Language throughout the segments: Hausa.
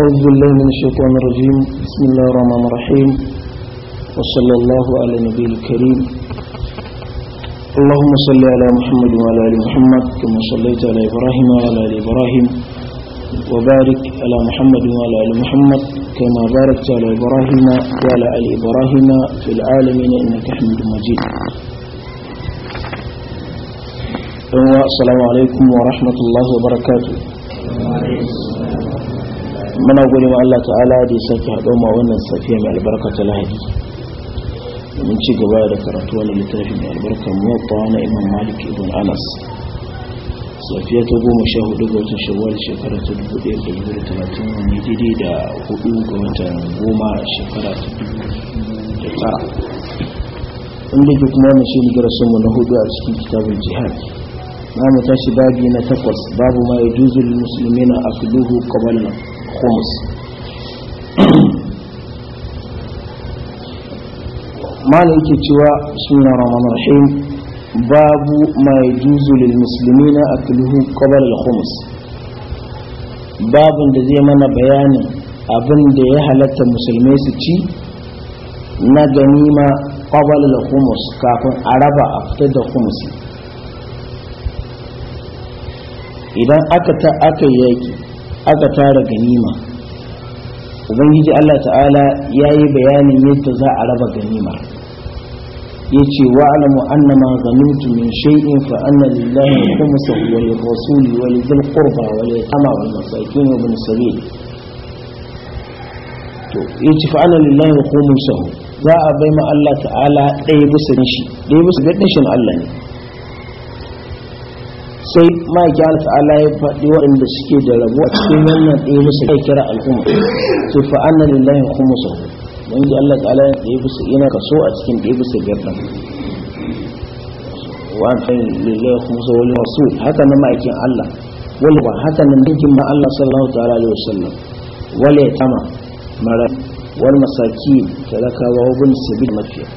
أعوذ بالله من الشيطان الرجيم بسم الله الرحمن الرحيم وصلى الله على النبي الكريم اللهم صل على محمد وعلى آل محمد كما صليت على إبراهيم وعلى آل إبراهيم وبارك على محمد وعلى آل محمد كما باركت على إبراهيم وعلى آل إبراهيم في العالمين إنك حميد مجيد السلام عليكم ورحمة الله وبركاته muna gode ma Allah ta'ala da ya sake haɗo ma wannan safiya mai albarka ta lahadi domin ci gaba da karatu wani littafi mai albarka muwatta na imam malik ibn anas safiya ta goma sha hudu ga watan shawwal shekara ta dubu ɗaya da dubu da talatin mai daidai da hudu ga watan goma shekara ta dubu da tara inda ke kuma wani shi ne mu na hudu a cikin kitabun jihad na mu tashi babi na takwas babu ma ya juzul musulmi na akluhu kabalan khumus malam yake cewa suna rahman rahim babu mai yajuzu lil a akluhu qabla al khumus babun da zai mana bayanin abin da ya halatta musulmai su ci na ganima qabla al khumus kafin a raba a fitar da khumusi idan aka ta aka yaki aka tara ganima ubangiji Allah ta'ala ya yi bayanin yadda za a raba ganimar ya ce wa alamu anna ma ganutu min shay'in fa anna lillahi khumsa wa lirrasuli wa lidhil qurba wa lil yatama wal masakin wa ibn sabil to yace fa anna lillahi khumsa za a bai ma Allah ta'ala ɗaya bisa nishi ɗaya bisa gaddashin Allah ne sai ma'aikin Allah ya faɗi waɗanda suke da rabu a cikin wannan ɗaya musu kai kira al'umma to fa anna lillahi khumsu dan ji Allah ta'ala ya yana kaso a cikin ɗaya bisa biyar ɗin wa an lillahi khumsu wal rasul haka na ma'aikin Allah wal ba haka nan dinkin ma Allah sallallahu ta'ala alaihi wasallam wal yatama mara wal masakin talakawa wa sabil mafiya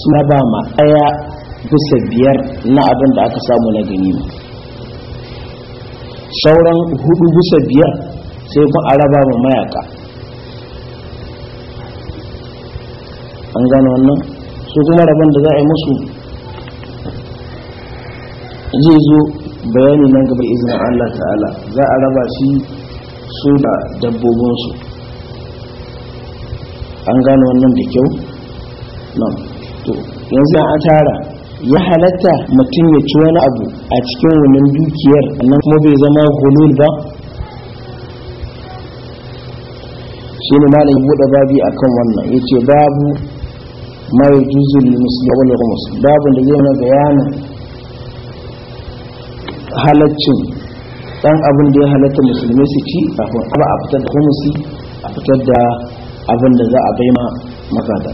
suna ba ma ɗaya bisa biyar na abin da aka samu na gani ganima sauran hudu bisa biyar sai kun raba ma mayaka an gano wannan su kuma rabin da za a yi musu zai zo bayani nan gaba izinin allah ta'ala za a raba shi su da dabbobinsu an gano wannan da kyau to yanzu an tara ya halatta mutum ya ci wani abu a cikin wannan dukiyar nan kuma bai zama hulul ba shi ne malam buɗe babi kan wannan ya ce babu mai juzul musulmi wani rumus Babu da zai na bayanin halaccin dan abin da ya halatta musulmi su ci kafin kuma a fitar da kumusi a fitar da abin da za a bai ma magada.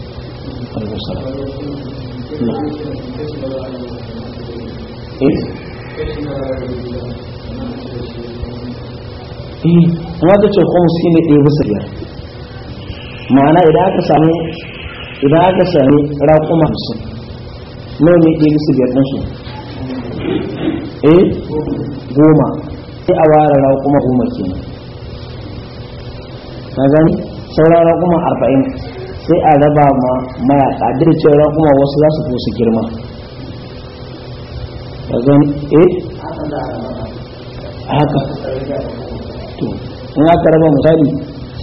amma ce kwanci ne ɗaya bisa biyar ma'ana idan aka sami idan aka sami raƙuma su ne ɗaya bisa biyar ɗinsu eh goma sai a ware raƙuma goma gani sauran raƙuma arba'in sai a raba ma mayaka duk cewa kuma wasu za su fi su girma ba zan eh haka to in aka raba misali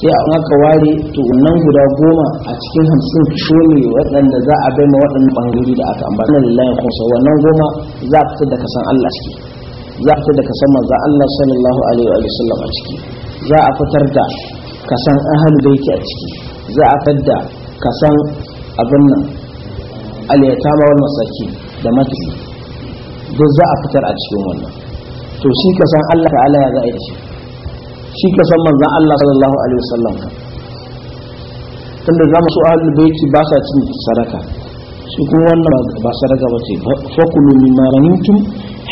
sai a aka ware to nan guda goma a cikin hamsin fisho ne waɗanda za a bai ma waɗannan ɓangare da aka ambata lillahi kusa wannan goma za a fita da kasan Allah ciki za a fita da kasan Maza Allah sallallahu alaihi wa sallam a ciki za a fitar da kasan da yake a ciki za a fadda kasan abin nan aliyatama wal masaki da matri duk za a fitar a cikin wannan to shi kasan Allah ta'ala ya za a yi shi shi kasan manzan Allah sallallahu alaihi wasallam ka tunda za mu su ahlul baiti ba sa cin sadaka su kuma wannan ba sadaka ba ce fakulu mimma ghanimtum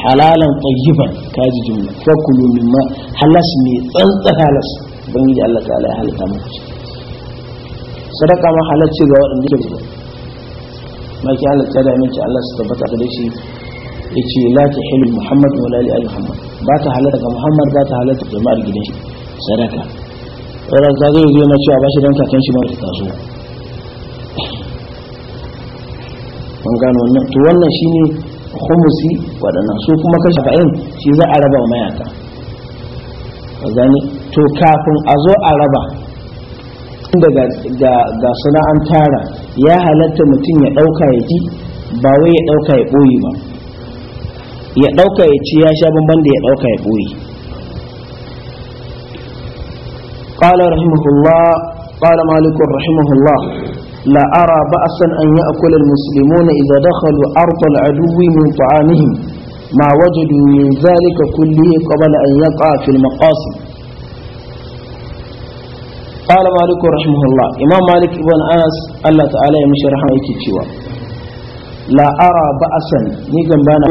halalan tayyiban kaji jumla fakulu mimma halas ne tsantsa halas ubangiji Allah ta'ala ya halatta muku sadaka ma halarci ga waɗanda ke zuwa maki halarta da aminci Allah su tabbata da shi ya ce la ta hilu muhammad wa lali ali muhammad ba ta halarta ga muhammad ba ta halarta jama'ar gidan shi sadaka wannan ta zai zai na cewa ba shi don kakan shi mara taso mun gano wannan to wannan shi ne khumusi waɗannan su kuma kashi ba'in shi za a raba wa mayaka gani to kafin a zo a raba daga ga suna an tara ya halatta mutum ya ɗauka ya ji ba wai ya ɗauka ya ɓoye ba ya ɗauka ya ci ya sha bamban da ya ɗauka ya ɓoye قال رحمه الله قال مالك رحمه الله لا أرى بأسا أن يأكل المسلمون إذا دخلوا أرض العدو من طعامهم ما وجدوا من ذلك كله قبل أن يقع في المقاصد قال مالك رحمه الله إمام مالك بن أنس الله تعالى يمشي رحمه يكي لا أرى بأسا نيجم بانا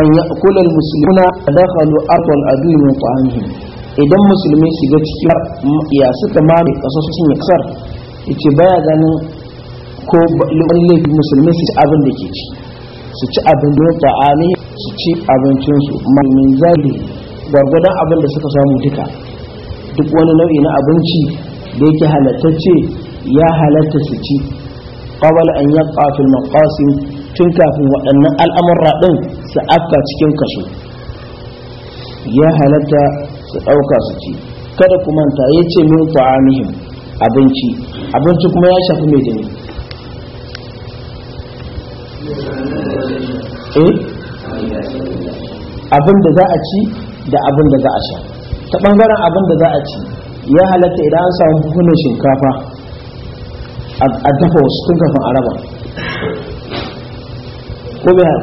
أن يأكل المسلمون دخلوا أرض العدو من طعامهم idan musulmi shiga cikin ya suka mame kaso sun yi kasar yace baya ganin ko lalle musulmi su ci abin da ke ci su ci abin da ta'ani su ci abincin su min zali gwargwadon abin da suka samu duka duk wani nau'i na abinci da yake halattacce ya halatta su ci qabal an yaqa fil maqasim tun kafin waɗannan al'amurra ɗin su afka cikin kaso ya halatta su ɗauka su ci kada ku manta ya ce min ta'amihim abinci abinci kuma ya shafi mai da eh? abin da za a ci da abin da za a sha ta bangaren abin da za a ci ya halatta idan an samu buhunan shinkafa a dafa wasu tun kafin a raba,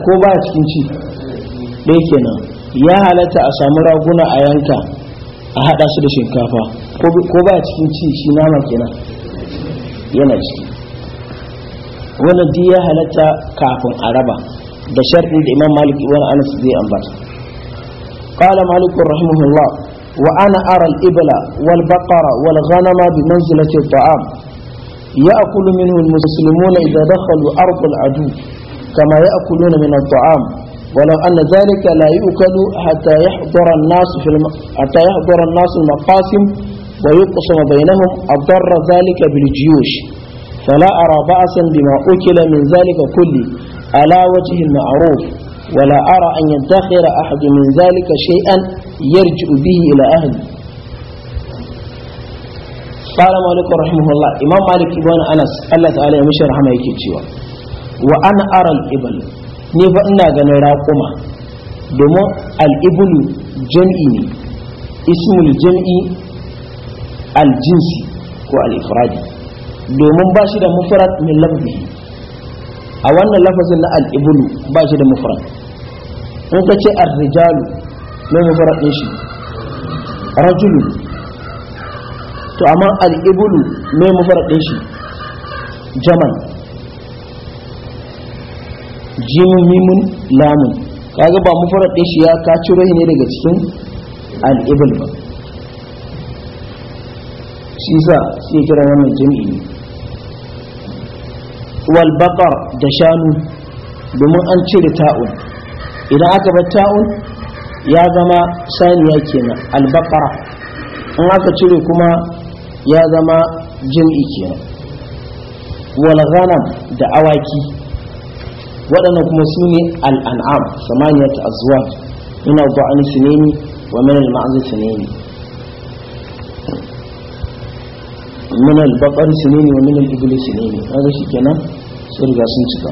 ko ba a cikin ci ɗaya kenan ya halatta a samu raguna a yanka a haɗa su da shinkafa ko ba a cikin ci shi nama kenan yana ciki wannan duk ya halatta kafin a raba da sharɗin da imam malik ibn anas zai ambata مالك رحمه الله وأنا أرى الإبل والبقر والغنم بمنزلة الطعام يأكل منه المسلمون إذا دخلوا أرض العدو كما يأكلون من الطعام ولو أن ذلك لا يؤكل حتى يحضر الناس في الم... حتى يحضر الناس المقاسم ويقسم بينهم أضر ذلك بالجيوش فلا أرى بأسا بما أكل من ذلك كله على وجه المعروف ولا أرى أن يدخر أحد من ذلك شيئا يرجع به إلى أهلي قال مالك رحمه الله إمام مالك ابن أنس الله تعالى يمشي رحمه يكيشيوا وأنا أرى الإبل نيفا إنا قمع دمو الإبل جمعي اسم الجنئي الجنسي والإفرادي domin ba مفرد من لبه a wannan lafazin na al'ibulu ba shi da mufrad in ka ce ar-rijalu ne ɗin shi rajulu to amma al'ibulu ne mufara ɗin shi jaman jimimin lamun kaga ba mufara ɗin shi ya ka rai ne daga cikin al’ibulu ba shi sa sai kira wannan jami'i wal da shanu domin an cire ta'un idan aka bar ta'un ya zama saniya kenan al in aka cire kuma ya zama jim'i kenan wal da awaki waɗannan kuma su ne al an'am samaniyat azuwa ina ba'ani sunani wa min al ne sunani min al-baqar sunini wa min al-ibl sunini kaga shikenan sun riga sun cika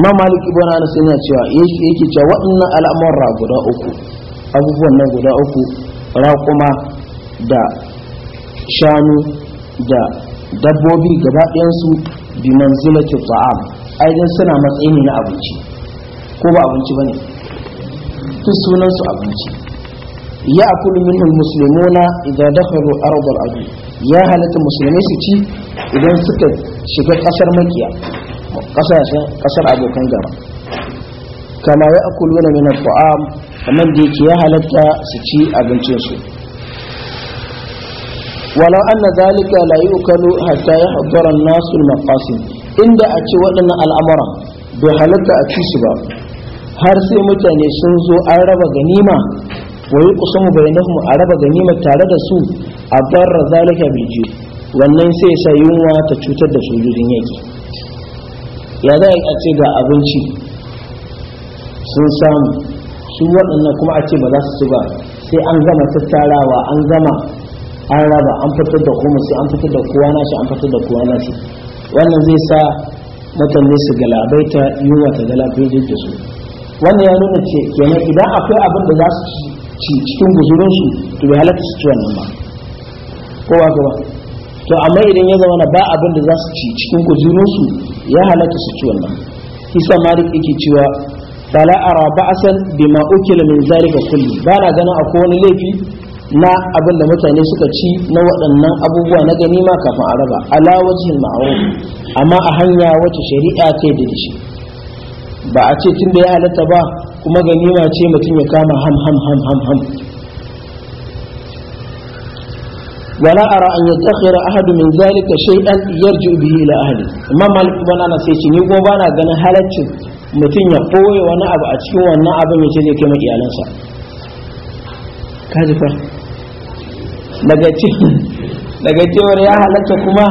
imam malik ibn anas yana cewa yake yake cewa waɗannan al'amura guda uku abubuwan nan guda uku raƙuma da shanu da dabbobi gaba ɗayansu bi manzilati ta'am aidan suna matsayi ne na abinci ko ba abinci bane duk sunan su abinci يأكل منه المسلمون إذا دخلوا أرض الأرض يا هلة المسلمين سيتي إذا سكت شكت قصر مكيا قصر قصر أبو كنجرة كما يأكلون من الطعام kamar da yake ya halatta su ci abincinsu walau anna zalika la yukalu hatta ya haddara nasu maqasin inda a ce waɗannan al'amura bai halatta a ci ba har sai mutane sun zo an raba ganima wa yuqsamu bainahum a raba ganima tare da su a barra zalika biji wannan sai sa yunwa ta cutar da sojojin yaki ya za a ce ga abinci sun samu su waɗannan kuma a ce ba za su ci ba sai an gama tattarawa an gama an raba an fitar da kuma sai an fitar da kowa shi an fitar da kowa shi wannan zai sa mutane su galabaita yunwa ta galabaita da su wannan ya nuna ce kenan idan akwai abin da za su cikin guzurinsu to bai halatta su ci wannan ba ko ba to amma idan ya zama ba abin da za su ci cikin guzurinsu ya halatta su ci wannan isa malik yake cewa fala ara ba'san bima ukila min zalika kulli ba na ganin akwai wani laifi na abin da mutane suka ci na waɗannan abubuwa na ganima kafin a raba ala wajhil ma'ruf amma a hanya wacce shari'a ta yi da shi ba a ce tun da ya halatta ba kuma ganima ce mutum ya kama ham ham ham ham ham wala ara an yastakhira ahadu min zalika shay'an yarji bihi ila ahli amma malik ibn anas sai ni ko bana ganin halaccin mutum ya koye wani abu a cikin wannan abin ya ce zai kai ma iyalansa kaji fa daga daga cewar ya halatta kuma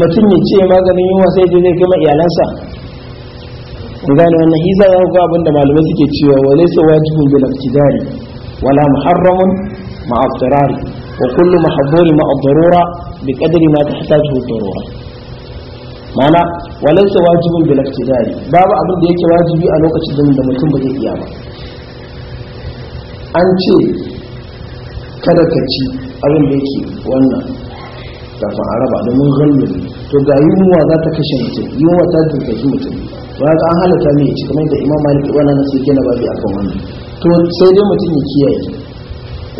mutum ya ce maganin yunwa sai zai kai ma iyalansa kun gane wannan hiza ya ga abinda malamai suke cewa wa laysa wajibun bil iftidari wala muharramun ma'a istirari wa kullu mahdhuri ma'a darura bi qadri ma tahtajuhu darura mana wa laysa wajibun bil iftidari babu abin da yake wajibi a lokacin da mutum ba zai iya ba an ce kada ka ci abin da yake wannan kafin a raba domin ghalmi to ga yunwa za ta kashe mutum yunwa ta dukashi mutum ba ga an halatta mai ci kamar da imam malik ibn na yake na babi akan wannan to sai dai mutum ya kiyaye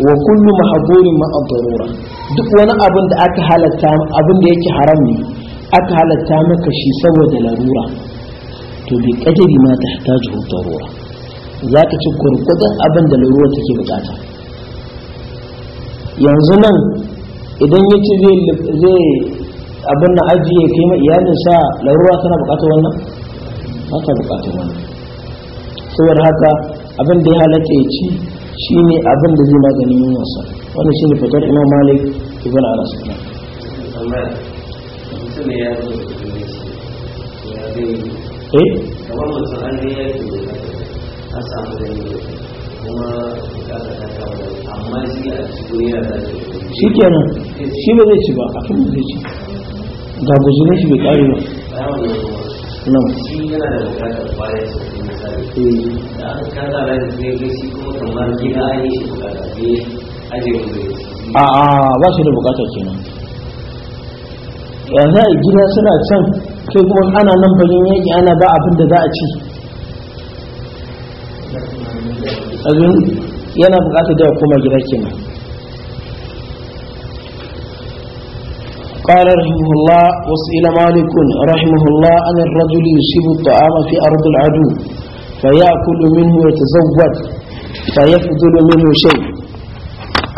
wa kullu mahburin ma ad-darura duk wani abin da aka halatta abin da yake haram ne aka halatta maka shi saboda larura to bi kadari ma tahtaju darura zaka ci kurkudin abin da larura take bukata yanzu nan idan ya ci zai abin na ajiye kai ma iyalinsa larura tana bukatar wannan haka ta wani sayar haka abin da ya halatta ya ci shine abin da zai magani yunwarsa wannan shine fitar imam malik ibn anas eh ne ya yi an samu da shi kenan shi ba zai ci ba a kuma zai ci ga guzune shi bai kare ba A'a shi yana da bukatar kwaya su misali da aka da shi kuma kamar gida yi shi bukata aje a a ba su da bukata kenan yanzu a gida suna can kai kuma ana nan fagen yaki ana ba abin da za a ci yana bukatar da ya koma gida kenan قال رحمه الله وسئل مالك رحمه الله أن الرجل يصيب الطعام في أرض العدو فيأكل منه ويتزود فيفضل منه شيء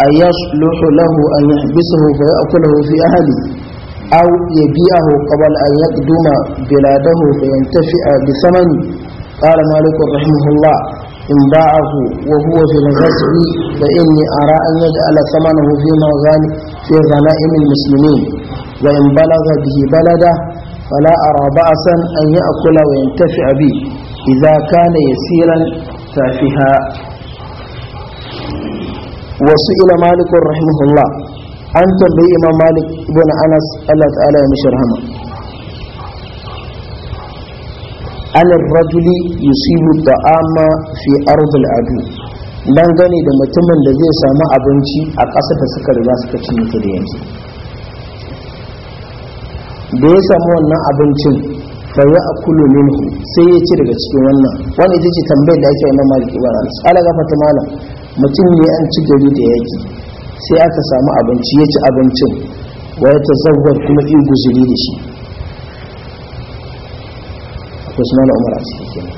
أيصلح له أن يحبسه فيأكله في أهله أو يبيعه قبل أن يقدم بلاده فينتفع بثمنه قال مالك رحمه الله إن باعه وهو في الغزو فإني أرى أن يجعل ثمنه في, في غنائم المسلمين وإن بلغ به بلده فلا أرى بأسا أن يأكل وينتفع به إذا كان يسيرا تافها وسئل مالك رحمه الله أن تنبي إمام مالك بن أنس الله تعالى يمشرهما على الرجل يصيب الطعام في أرض العدو dangane da mutumin da zai samu abinci a ƙasa da suka riga suka ci mutu da yanzu da ya samu wannan abincin fa a akulu minhu sai ya ci daga cikin wannan wani ita ce tambayar da ake wa mali kibar anas ala ta malam mutum ne an ci gari da yaki sai aka samu abinci ya ci abincin wa ya tazawwar kuma in guzuri da shi akwai suna na umar a cikin kenan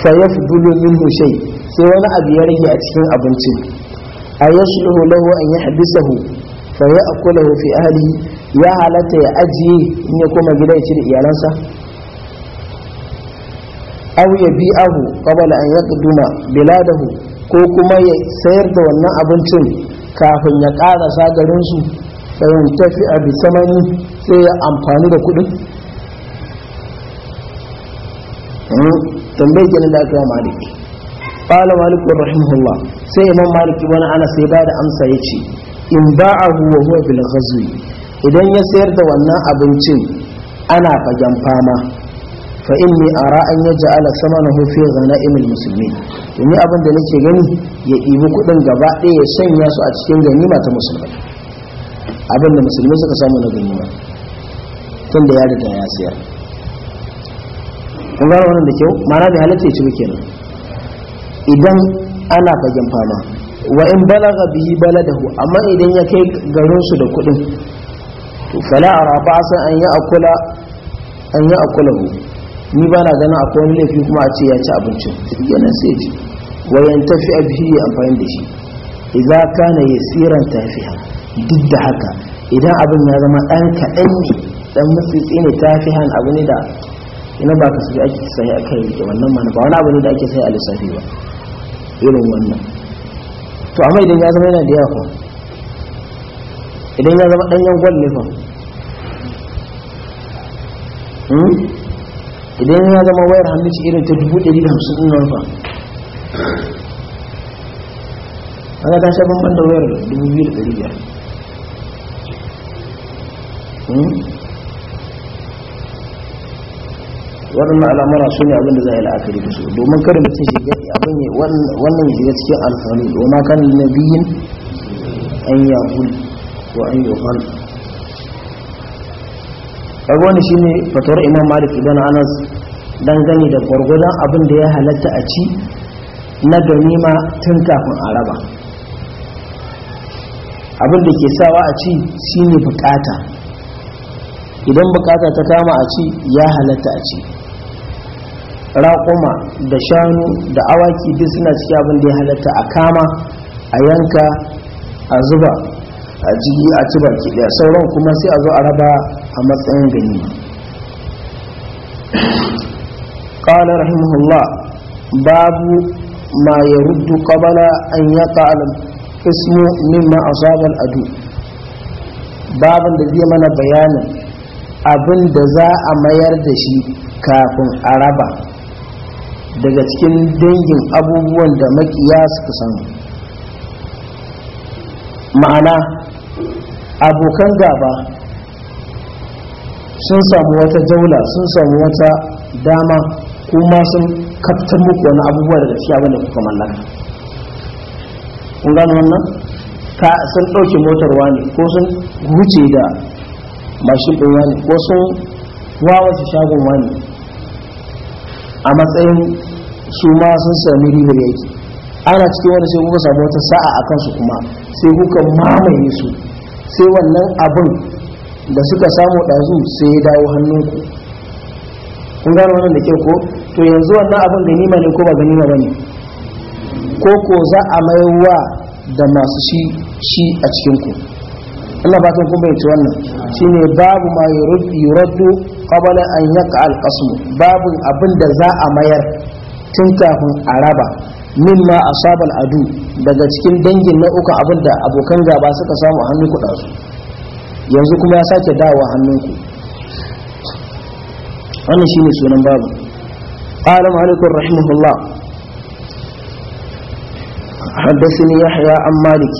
fa ya minhu shay sai wani abu ya rage a cikin abincin a yashluhu lahu an yahbisahu fa ya akula fi ahli ya halatta ya ajiye in ya koma gida ya ci da iyalansa aw ya bi ahu qabla an yaqduma biladahu ko kuma ya sayar da wannan abincin kafin ya karasa garin su ya tafi a bisamani sai ya amfani da kudin tambayi kenan da aka yi maliki qala malik rahimahullah sai imam wani ana sai ya bada amsa yace in ba'ahu wa huwa bil ghazwi idan ya sayar da wannan abincin ana fagen fama fa inni ara an yaj'ala samanahu fi ghanaimil muslimin ni abin da nake gani ya ibi kuɗin gaba ɗaya ya sanya su a cikin ganima ta musulmai abin da musulmi suka samu na ganima tun da ya riga ya sayar kun gano wannan da kyau mara bai halatta ya ci kenan idan ana fagen fama wa in balaga bihi baladahu amma idan ya kai garin su da kudin to fala araba ba san an ya akula an ya hu ni ba na ganin akwai wani laifi kuma a ce ya ci abincin yana sai ji wa yantafi ya amfani da shi idza kana yasiran tafiha duk da haka idan abin ya zama ɗan kaɗan ne dan mutsitsi ne tafihan abu ne da ina ba ka sai ake sai akai da wannan mana ba wani abu ne da ake sai a lissafi ba irin wannan to amma idan ya zama yana da yawa idan ya zama ɗanyen gwal ne hmm? idan ya zama wayar hannu ci irin ta 150 ɗin nan fa ana ta shaban banda wayar 2,500 hmm? waɗannan al'amura su ne abinda za a yi la'akari da su domin kada mutum shiga abin wannan shiga cikin alfani wa ma nabiyin an yahul ko an yohan shine fatawar imam malik ibn anas dangane da gwargwadon abin da ya halatta a ci na ganima tun kafin a raba abin da ke sawa a ci shi ne bukata idan bukata ta kama a ci ya halatta a ci raƙuma da shanu da awaki duk suna ciki abin da ya halatta a kama a yanka a zuba a jigi a ci baki daya sauran kuma sai a zo a raba a matsayin gani ya رحمه الله باب ما يرد قبل أن ma a sabon أصاب الأدو da zai mana bayanin abin da za a mayar da shi kafin a raba daga cikin dangin abubuwan da makiya suka samu ma'ana abokan gaba sun samu wata jaula sun samu wata dama kuma sun kaftar muku wani abubuwa daga cikin abin da kuka mallaka kun gano wannan ka sun ɗauke motarwa ne ko sun huce da mashin ɗin wani? ko sun wawace shagon wani a matsayin su ma sun sami ribar yaki ana cikin wani sai kuka samu wata sa'a a kansu kuma sai kuka mamaye su sai wannan abin da suka samu ɗazu sai ya dawo hannunku kun gano wannan da kyau ko to yanzu wannan abin da nima ne ko ba ganima ba ne ko ko za a maiwa da masu shi shi a cikinku ina kan kun yace wannan shine babu ma yuraddu qabla an yaqa al babu abin da za a mayar tun kafin a raba ma asabal adu daga cikin dangin na uku abinda abokan gaba suka samu a hannun kuɗa su yanzu kuma ya sake dawo hannunku wannan shine sunan babu qala malikun rahimahullah حدثني يحيى عن مالك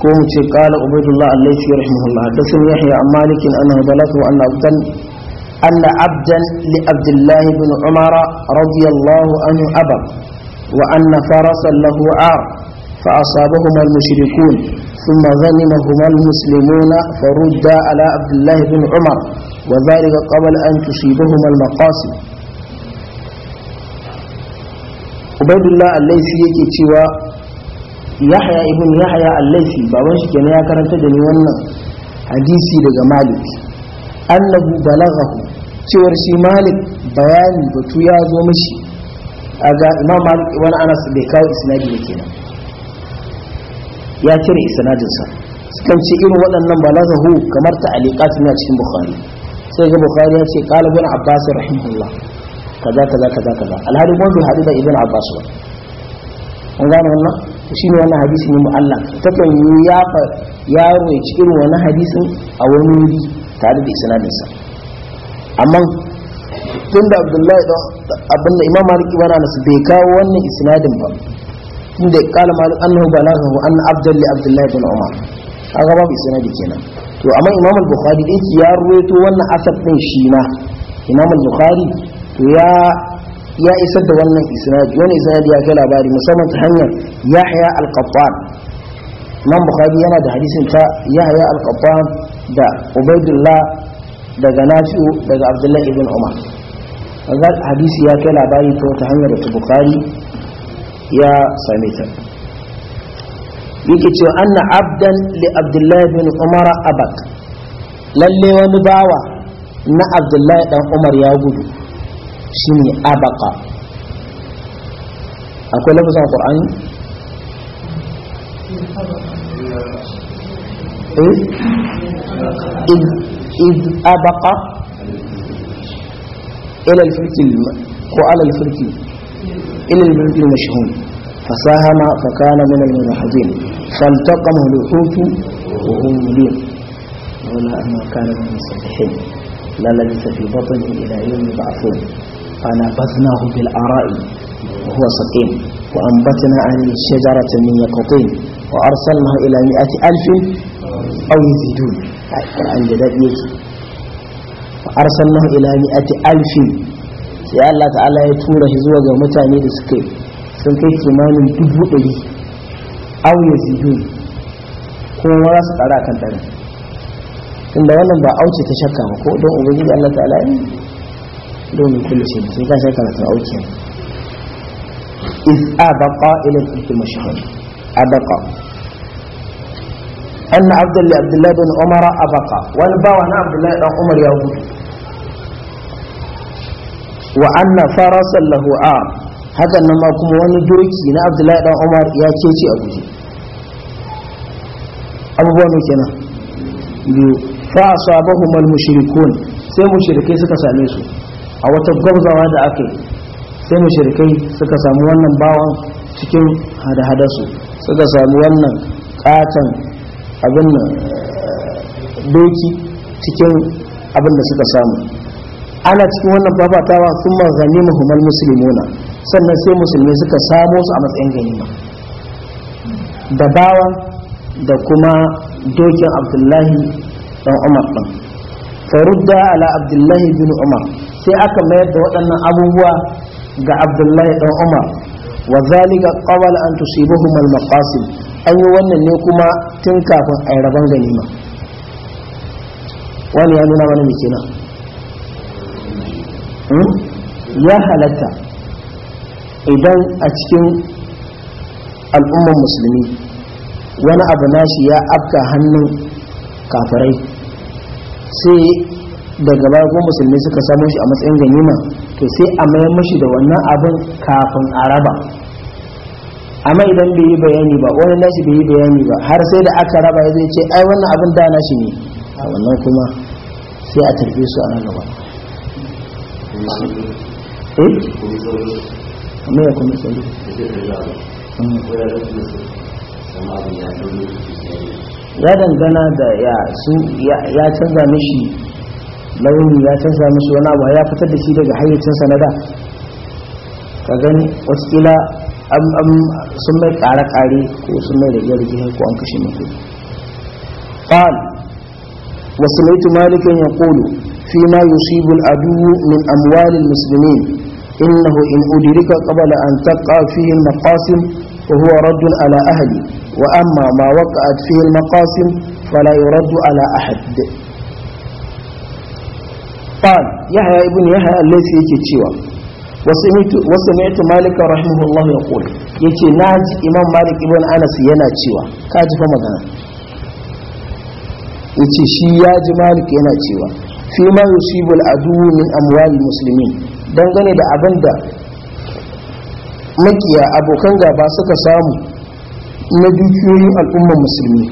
كومتي قال عبيد الله الليثي رحمه الله حدثني يحيى عن مالك انه بلغه ان عبدا أن عبدا لعبد الله بن عمر رضي الله عنه أبى وأن فرسا له عار فأصابهما المشركون ثم غنمهما المسلمون فرد على عبد الله بن عمر وذلك قبل أن تصيبهما المقاسم عبيد الله الليثي yake cewa yahya ibn yahya al-laifi baban shi kenan ya karanta da ni wannan hadisi daga malik annahu balaghahu cewar shi malik bayani batu ya zo mashi a ga imam malik wani anas bai kawo isnadi ne kenan ya cire isnadinsa sukan ce irin waɗannan ba na zahu kamar ta aliqat na a cikin bukhari sai ga bukhari ya ce qala ibn abbas rahimahullah kaza kaza kaza kaza alhadi wanda bai hadu da ibn abbas ba an gane wannan shi ne wannan hadisi ne mu'alla takan yi ya ya roci irin wani hadisin a wani wuri tare da isnadinsa amma tun da abdullahi da abin da imam malik ibn nasu bai kawo wannan isnadin ba inda kala malik annahu balaghahu an abdullahi abdullahi bin umar kaga babu isnadi kenan to amma imam al-bukhari din ya ruwaito wannan asar din shi ma imam al-bukhari to ya ya isar da wannan isnadi wannan isnadi ya kai labari musamman ta hanyar yahya al-qattan imam bukhari yana da hadisin ta yahya al-qattan da ubaidullah daga nafi'u daga abdullahi ibn umar azal hadisi ya kai labari ta wata hanyar da bukhari ya same ta yake ce anna abdan li abdullahi ibn umar abak lalle wani bawa na abdullahi dan umar ya gudu shine abaka akwai lafazin qur'ani eh إذ أبق إلى الفلك وعلى الفلك إلى الفلك المشحون فساهم فكان من المدحضين فالتقمه الحوت وهو مليم لولا أنه كان من لا لبث في بطنه إلى يوم يبعثون فنبذناه بالآراء وهو سقيم وأنبتنا عن الشجرة من يقطين وأرسلناه إلى مئة ألف أو يزيدون Qur'ani da daɗi yake fa arsalnahu ila mi'ati alfi sai Allah ta'ala ya tura shi zuwa ga mutane da suke sun kai kimanin dubu ɗari aw yazidun kuma ma za su ƙara kan ɗari tunda wannan ba auce ta shakka ba ko don ubangiji Allah ta'ala ya domin kullu shi sai ka shakka ta auce is abaqa ila al-mashhur abaqa أن عبد الله عبد الله بن عمر أبقى والبا وأنا عبد الله بن عمر يا أبو وأن فرسا له عار هذا إنما كم وني دوكي نا عبد الله بن عمر يا كيشي أبو أبو بنو كنا فأصابهم المشركون سي مشركي سكا ساميسو أو تبغض هذا أكي sai mushrikai suka samu wannan bawan cikin hada-hada su suka samu wannan katon abin nan doki cikin abin da suka samu ana cikin wannan fafatawa sun zane muhimman musulmuna sannan sai musulmi suka samo su a matsayin ganima da bawa da kuma dokin abdullahi dan umar ɗin farudda ala abdullahi bin umar sai aka mayar da waɗannan abubuwa ga abdullahi dan umar wa zalika qawala an tusibuhum al maqasid an yi wannan ne kuma tun kafin a rabon ganima wani ya nuna wani mace hmm? ya halatta idan a cikin al'umman musulmi wani abu nashi ya afka hannun kafirai sai daga baya ko musulmi suka samu shi a matsayin ganima to sai a mayar mashi da wannan abin kafin araba amma idan bai yi bayani ba wani nashi bai yi bayani ba har sai da aka raba ya zai ce ai wannan abin da nashi ne a wannan kuma sai a tarbe su a nan gaba eh? ya dangana da ya su ya canza mishi launi ya canza mishi wani abu ya fitar da shi daga hayyacinsa na da ka gani wasu an sun mai ƙare-ƙare ko sun mai rage قال وسمعت مالكا يقول فيما يصيب العدو من أموال المسلمين إنه إن أدرك قبل أن تقع فيه المقاسم فهو رد على أهلي وأما ما وقعت فيه المقاسم فلا يرد على أحد قال يحيى ابن يحيى الذي يكتشوى wasu ta malika rahimahullah ya kone Yace na ji imam malik ibn anas yana cewa ka ji fa magana ya shi ya ji malik yana cewa fi ma yusibul adu min amwali muslimin dangane da abin da makiya abokan gaba suka samu na dukiyoyin al'ummar musulmi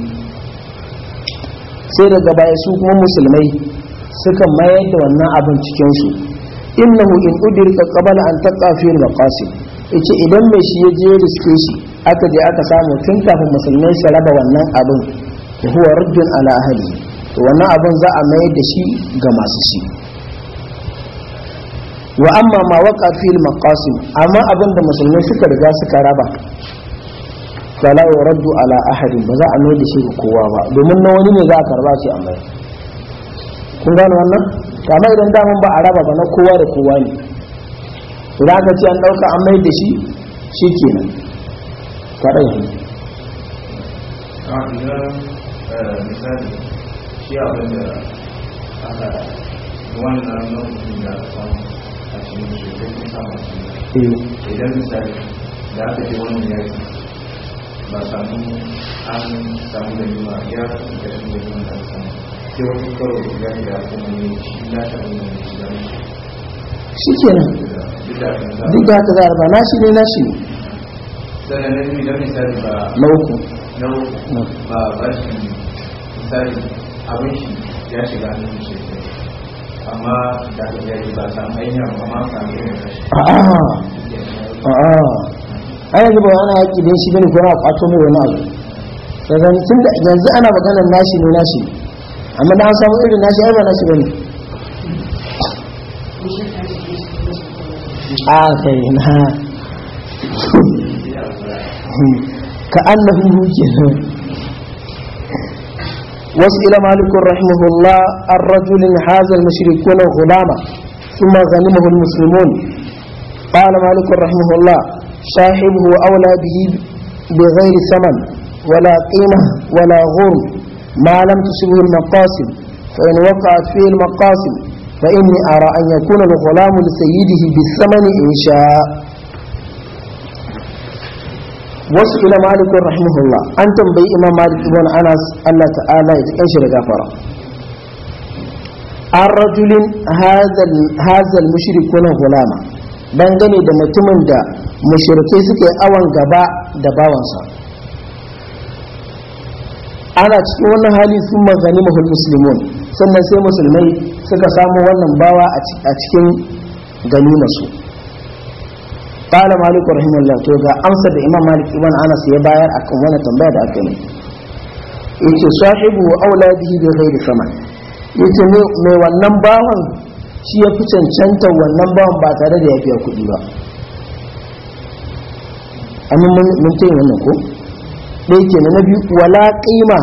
sai daga baya su kuma musulmai suka mayar da wannan abin cikinsu innahu in udrika qabla an taqa fi al-maqasid yace idan mai shi ya je riske shi aka je aka samu tun kafin musulmai su raba wannan abin huwa raddun ala ahli to wannan abin za a mayar da shi ga masu shi wa amma ma waka fil maqasim amma abin da musulmai suka riga suka raba fala yuraddu ala ahadin ba za a mai da shi ga kowa ba domin na wani ne za a karba shi amma kun gane wannan kama idan daman ba a raba ba na kowa da kowa ne idan aka ce an ɗauka an mai da shi shi kaɗai. kwarai shi eh, misali shi a eh. ba samu an samu da yawa ya fi da da da samu shi kenan duk da haka za a ba na shi ne na shi ne na uku ya shiga amma da ba ta yanzu ba ana haƙi don shi bane na kwato wani abu ana maganar nashi ne nashi أما na hausa mutu da nashi ai ba nashi bane a وسئل مالك رحمه الله الرجل هذا المشركون غلاما ثم غنمه المسلمون قال مالك رحمه الله صاحبه أولى به بغير ثمن ولا قيمة ولا غرم ما لم تشبه المقاسم فإن وقعت فيه المقاسم فإني أرى أن يكون الغلام لسيده بالثمن إن شاء wasu ila malikun rahimahullah an tambayi imam malik ibn anas Allah ta'ala ya cikin an rajulin hazal mushrikuna gulama dangane da mutumin da mushrikai suke awon gaba da bawansa ana cikin wannan hali sun magani mahul musulmun sannan sai musulmai suka samu wannan bawa a cikin ganima su qala malik rahimahullah to ga amsa da imam malik ibn anas ya bayar akan wannan tambaya da aka yi yace sahibu wa auladihi bi ghairi sama. yace ce mai wannan bawan shi ya fi cancanta wannan bawan ba tare da ya biya kuɗi ba amin mun tayi wannan ko Da yake na biyu wala kima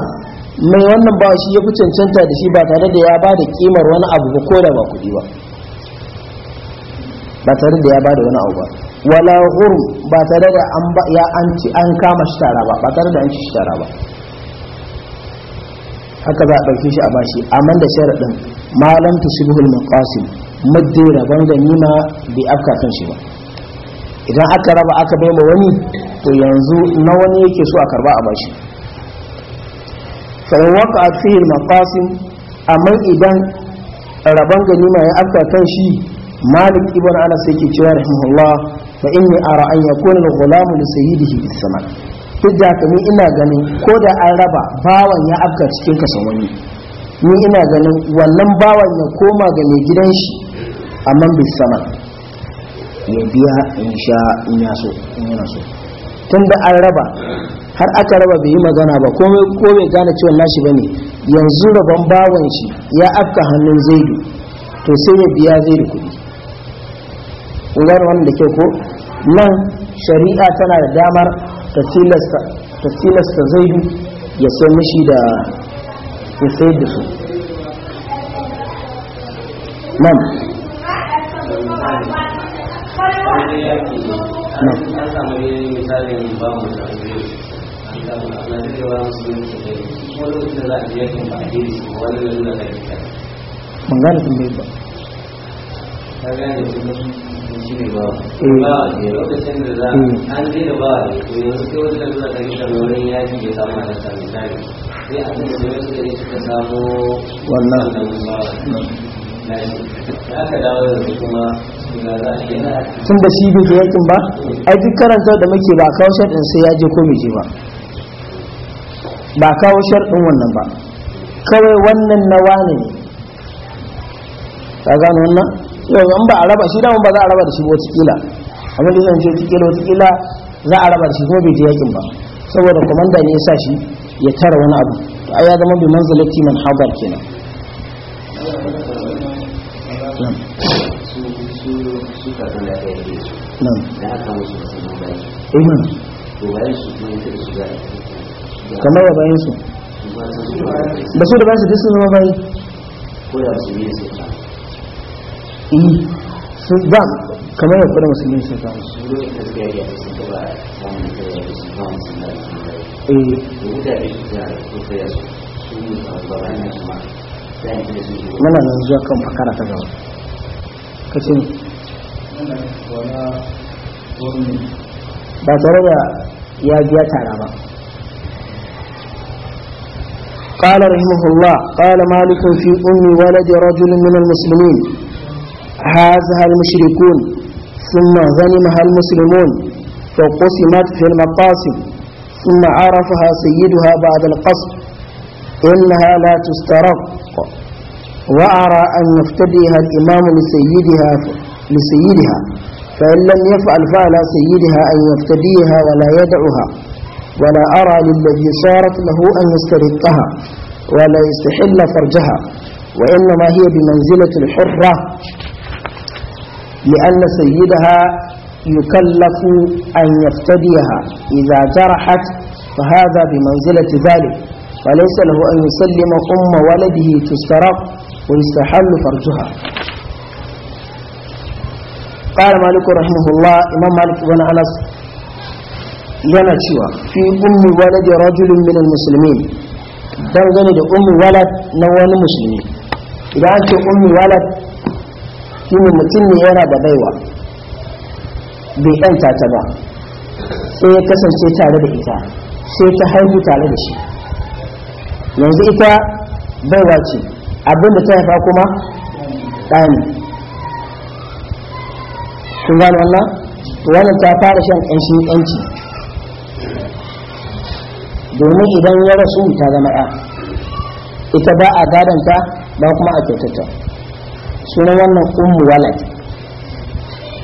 mai wannan ba shi ya fi cancanta da shi ba tare da ya ba da ƙimar wani abu ba ko da ba kuɗi ba ba tare da ya ba da wani abu ba wala hurum ba tare da an ba ya an ci an kama shi tara ba ba tare da an ci shi tara ba haka za a ɗauki shi a bashi amma da sharaɗin malam tusibul maqasim muddin rabon ganima bai afkatan shi ba idan aka raba aka bai wa wani to yanzu na wani yake so a karba a bashi fa'in waka a fiye amma idan rabon ganima ya afka kan shi malik ibn anas yake cewa rahimahullah fa inni ara an yakuna al-ghulamu li sayyidihi bis-saman duk da ni ina ganin ko da an raba bawan ya afka cikin kasan wani ni ina ganin wannan bawan ya koma ga mai gidan shi amma bis-saman ya biya in sha in ya so yana so tun da an raba har aka raba bai yi magana ba ko bai gane cewa nashi bane yanzu rabon bawan shi ya afka hannun zaidu to sai ya biya zaidu kuɗi ugar gane wannan da ke ko nan shari'a tana da damar ta tilasta zaidu ya sai mishi da ya sai da su nan an samu misalin ba mu da wani lokacin da za a sun ba gane ba an da ba a ya samu da wasu gari suka tun da shi bai da yakin ba ai duk karanta da muke ba kawo sharɗin sai ya je ko bai je ba ba kawo sharɗin wannan ba kawai wannan na wane ne ka gano wannan yau in ba a raba shi dama ba za a raba da shi wata kila amma da zan ce kila wata za a raba da shi kuma bai je yakin ba saboda kwamanda ne ya sa shi ya tara wani abu ai ya zama bi manzalati man habar kenan Islam. Não. su su kafin lafiya da não não Da aka musu masu o bayan não Eh man. To bayan su kuma não da su da. Kamar ya não su. Da su da bayan su duk sun zama bayi. Ko da su ne não ta. Eh. Su ba kamar ya kuɗa musulmi su ta. Su ne da não yi da não ta ba samun da muna nan zuwa kan fakara ta gaba kace ba tare da ya biya tara ba قال رحمه الله قال مالك في أم ولد رجل من المسلمين هازها المشركون ثم غنمها المسلمون فقسمت في المقاسم ثم عرفها سيدها بعد القصر إنها لا تسترق وأرى أن يفتديها الإمام لسيدها لسيدها فإن لم يفعل فعلى سيدها أن يفتديها ولا يدعها ولا أرى للذي صارت له أن يسترقها ولا يستحل فرجها وإنما هي بمنزلة الحرة لأن سيدها يكلف أن يفتديها إذا جرحت فهذا بمنزلة ذلك وليس له أن يسلم أم ولده تسترق ويستحل فرجها قال مالك رحمه الله إمام مالك بن أنس ينا في أم ولد رجل من المسلمين دنغني دا أم ولد نوان مسلمين إذا أنت أم ولد في ممتن يرى بديوة بأن تعتبع سيكسن سيتا لدي إتا سيتا هيرو تعلي بشي يعني إتا بيواتي abin da ta haifa kuma ɗani kun gano wannan wannan ta fara shan ƙanshin ƙanci domin idan ya rasu ta zama ya ita ba a gadanta ba kuma a kyautata sunan wannan ummu walad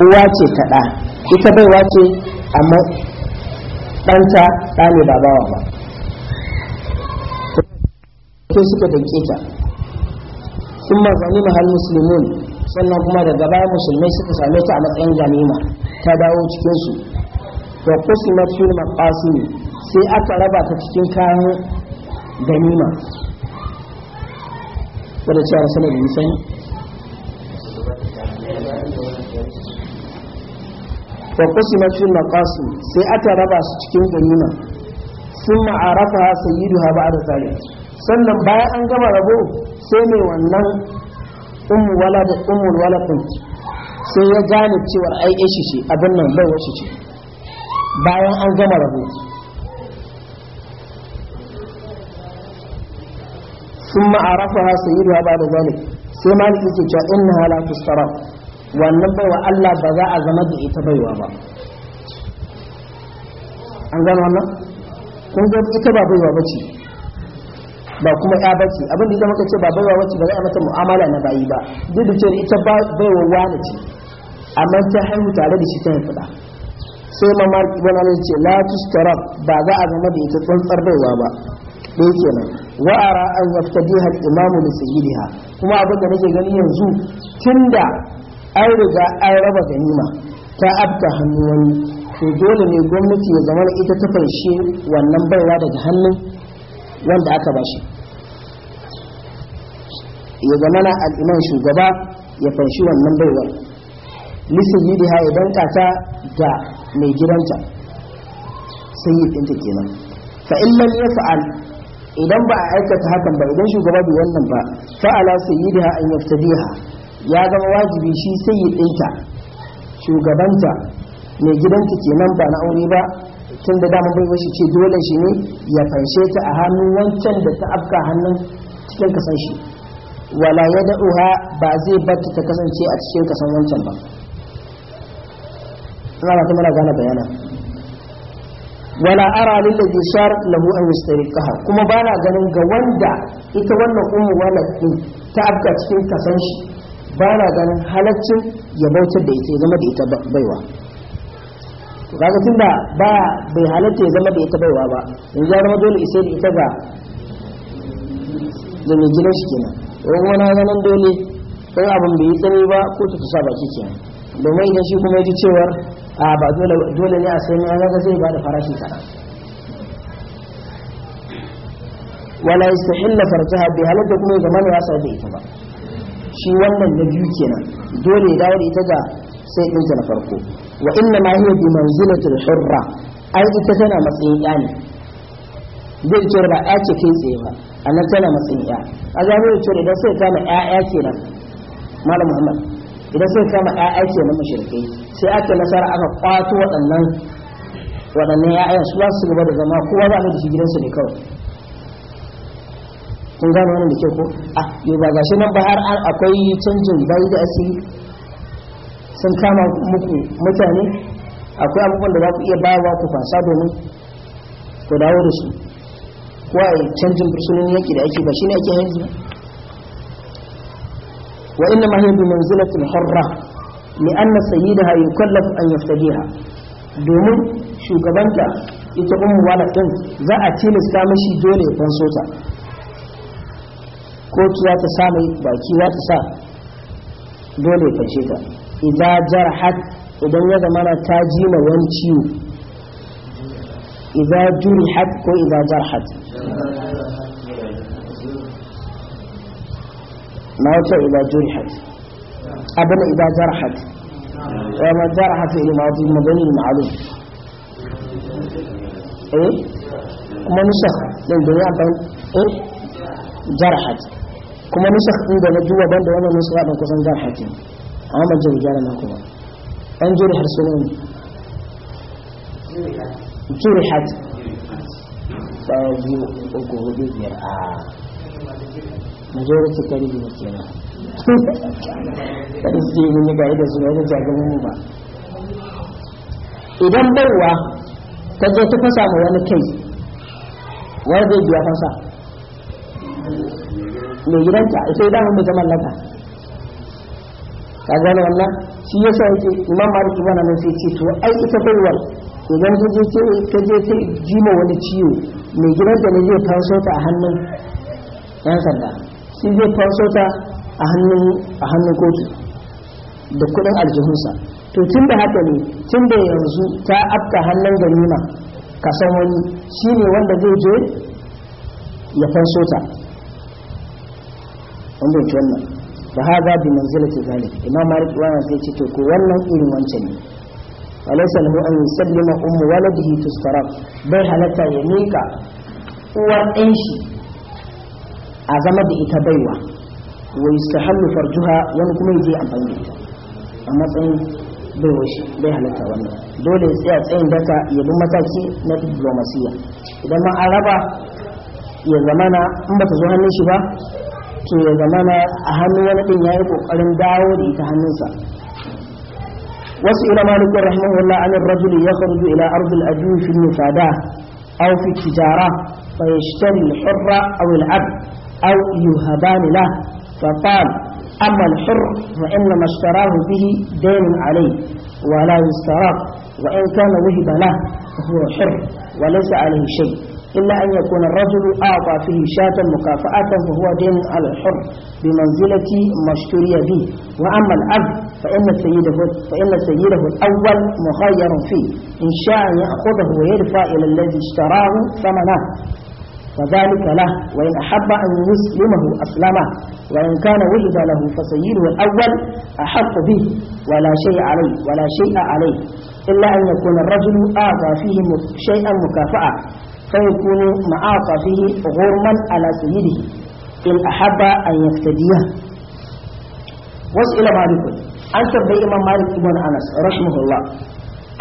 uwa ce ta ɗa ita baiwa ce amma ɗanta ɗa ne ba bawa ba suka danke ta thumma ghanima hal muslimun sannan kuma daga baya musulmai suka same ta a matsayin ganima ta dawo cikinsu, da wa qusimat fil maqasim sai aka raba ta cikin kayan ganima wadda cewa sanadin nisan da kusurma fi makasu sai aka raba su cikin ganima sun ma'arafa sayyidu ha ba da zalunci sannan bayan an gama rabo sai mai wannan ummu wala da ummu wala sai ya gane cewar ai shi abin nan bai wasu ce bayan an gama rabo sun ma'arafa ha sayidu ba da zalik sai maliki ke cewa inna hala tusara wannan baiwa Allah ba za a zama da ita baiwa ba an gano wannan kun ga ita ba baiwa ba ce ba kuma ya bace abin da muka ce ba baiwa wacce ba za a mata mu'amala na bayi ba duk da cewa ita baiwa wani ce amma ta haihu tare da shi ta haifi da sai mamar ibn ali ce la tustarab ba za a zama da ita tsantsar baiwa ba da yake nan wa ara an yaftadiha al-imamu li sayyidiha kuma abin da nake gani yanzu tunda an riga an raba ganima ta abta hannu wani to dole ne gwamnati ya zama ita ta fanshe wannan baiwa daga hannun wanda aka bashi ya na al'iman shugaba ya fanshi wannan baiwar lisayyidiha idan kata da mai gidanta yi ɗinta kenan fa in ya yaf'al idan ba a aikata hakan ba idan shugaba bai wannan ba fa'ala fa ala sayyidiha an yaftadiha ya zama wajibi shi yi ɗinta shugabanta mai gidanta kenan ba na aure ba tun da dama bai washi ce dole shi ne ya fanshe ta a hannun wancan da ta afka hannun cikin kasan shi wala ya da'uha ba zai batta ta kasance a cikin kasan wancan ba ina ba ta mana gane bayana, wala ara ladhi shar lahu an yastariqaha kuma ba na ganin ga wanda ita wannan ummu wala din ta abda cikin kasan shi ba na ganin halaccin ya bautar da ita ya zama da ita baiwa to kaga tunda ba bai halatta ya zama da ita baiwa ba yanzu ya zama dole isai da ita ga da mai gidan shi kenan ruwan na zaman dole kan abin bai yi tsaye ba ko ta sa baki ke domin idan shi kuma ji cewar a ba dole ne a sai ya zai ba da farashi kaɗan wala istahilla farjaha bai halatta kuma ga ya sai da ita ba shi wannan na biyu kenan dole ya dawo da ita ga sai ɗinta na farko wa inna ma hiya bi manzilatil hurra ai ita tana matsayin yani zai ce ba ya ce kai tsaye ba nan tana matsayin ya a gano da cewa idan sai kama ƴaƴa nan malam muhammad idan sai kama ƴaƴa kenan mushrikai sai ake nasara aka kwato waɗannan waɗannan ya'ya su za su gaba da zama kowa za a da shi gidansu ne kawai kun gano wani da ke ko a ah, yau ba gashi nan ba har akwai canjin bayi da asiri sun kama muku mutane akwai abubuwan da za ku iya bayarwa ku fansa domin ku dawo da su wai canjin fursunonin yaki da ake ba shi ne ake yanzu wa inna ma hiya bi manzilatil harra li anna sayyidaha yukallaf an yaftadiha domin shugabanta ita ummu wala din za a tilasta mishi dole ya fanso ta kotu ta sa mai baki za ta sa dole ya fashe ta idan jarhat idan ya zamana ta ji wani ciwo إذا جرحت وإذا إذا جرحت ما يوتى إذا جرحت أبن إذا جرحت وما جرح في الماضي المدني المعلوم إيه كما نسخ دنيا بين إيه جرحت كما نسخ إذا نجوى بين دوانا نسخ بين كسان جرحت أما جري جارنا كما أنجري جرحت jurihat ɗaya biyu uku hudu biyar a majority tarihi ne ke nan kada su yi mun ga da su ne da mu ba idan barwa ta je ta fasa mu wani kai wani zai biya fasa mai gidanta ita idan mun ta mallaka ka gane wannan shi ya yasa yake imam malik ibn anas sai ce to ai ita barwar idan ka je ta jima wani ciwo mai gidan da ne zai fanso ta a hannun yan sanda shi zai fanso ta a hannun kotu da kudin aljihunsa to tun da haka ne tun da yanzu ta afka hannun ganima kasan wani shi ne wanda zai je ya fanso ta wanda ya wannan da haza bi manzilati zalim imam malik wannan sai ce to ko wannan irin wancan ne alaisa lahu an yusallima ummu waladihi tusfarab bai halatta ya mika uwar ɗanshi shi da ita baiwa wa yustahallu farjuha wani kuma yaje a bangi a matsayin bai washi bai halatta wannan dole ya tsaya tsayin daka ya bi mataki na diplomasiya idan ma an raba ya zama na in bata zo hannun shi ba to ya zama na a hannun wani din yayi kokarin dawo da ita hannunsa وسئل مالك رحمه الله عن الرجل يخرج إلى أرض الأجوي في المفاداة أو في التجارة فيشتري الحر أو العبد أو يهبان له فقال أما الحر فإنما اشتراه به دين عليه ولا يستراق وإن كان وهب له فهو حر وليس عليه شيء إلا أن يكون الرجل أعطى فيه شاة مكافأة فهو دين على الحر بمنزلة ما اشتري به وأما الأب فإن سيده, فإن سيده الأول مخير فيه إن شاء يأخذه ويرفع إلى الذي اشتراه ثمنه فذلك له وإن أحب أن يسلمه أسلمه وإن كان وجد له فسيده الأول أحق به ولا شيء عليه ولا شيء عليه إلا أن يكون الرجل أعطى فيه شيئا مكافأة فيكون مع صافه غرما على سيده إن أحب أن يفتديه واسئل مالك أن تبدأ إمام مالك ابن أنس رحمه الله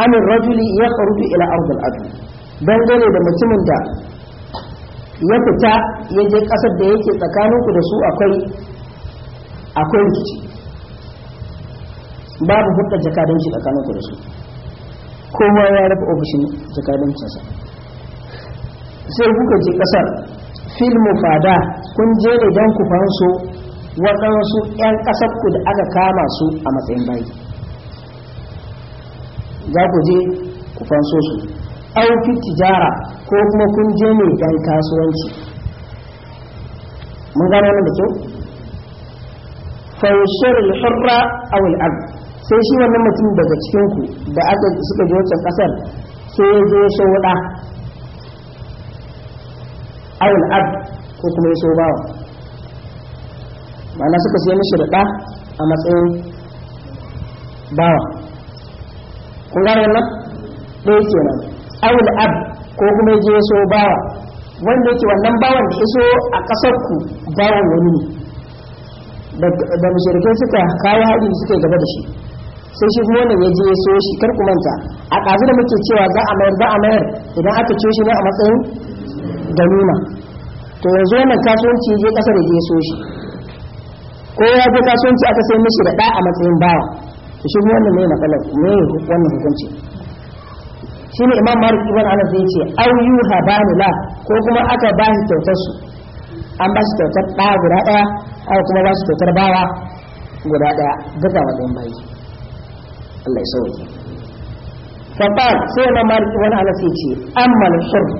أن الرجل يخرج إلى أرض الأرض dangane da mutumin da ya fita ya je ƙasar da yake tsakaninku da su akwai rikici babu hudda jakadanci tsakaninku da su kowa ya rufe ofishin jakadancinsa sai kuka je kasar fil fada kun je ne don ku fanso waɗansu 'yan ƙasar ku da aka kama su a matsayin bayi za ku je ku fanso su auki tijara ko kuma kun je ne don kasuwanci mun gano wannan da kyau fawshar al-hurra aw al sai shi wannan mutum daga cikin ku da aka suka je wancan kasar sai ya je ya awul ab ko kuma ya ba bawa ma'ana suka sai mishi da a matsayin bawa kun gane wannan ɗaya kenan awul ab ko kuma ya je so bawa wanda yake wannan bawan da so a ƙasar ku bawan wani ne da mushrikai suka kawo haɗi suka gaba da shi sai shi kuma wannan ya je ya so shi kar ku manta a ƙazu da muke cewa za a mayar za a mayar idan aka ce shi ne a matsayin da nuna to yanzu wannan kasuwanci je kasar da ya so shi ko ya je kasuwanci aka sai mishi da ɗa a matsayin bawa to shi wannan ne matsalar ne wannan hukunci shi ne imam malik ibn anas ya ce au yu habani la ko kuma aka ba shi kyautar su an ba shi kyautar ɗa guda ɗaya aka kuma ba shi kyautar bawa guda ɗaya duka wajen bayi Allah ya sauke sai imam malik ibn anas ya ce ammal hurr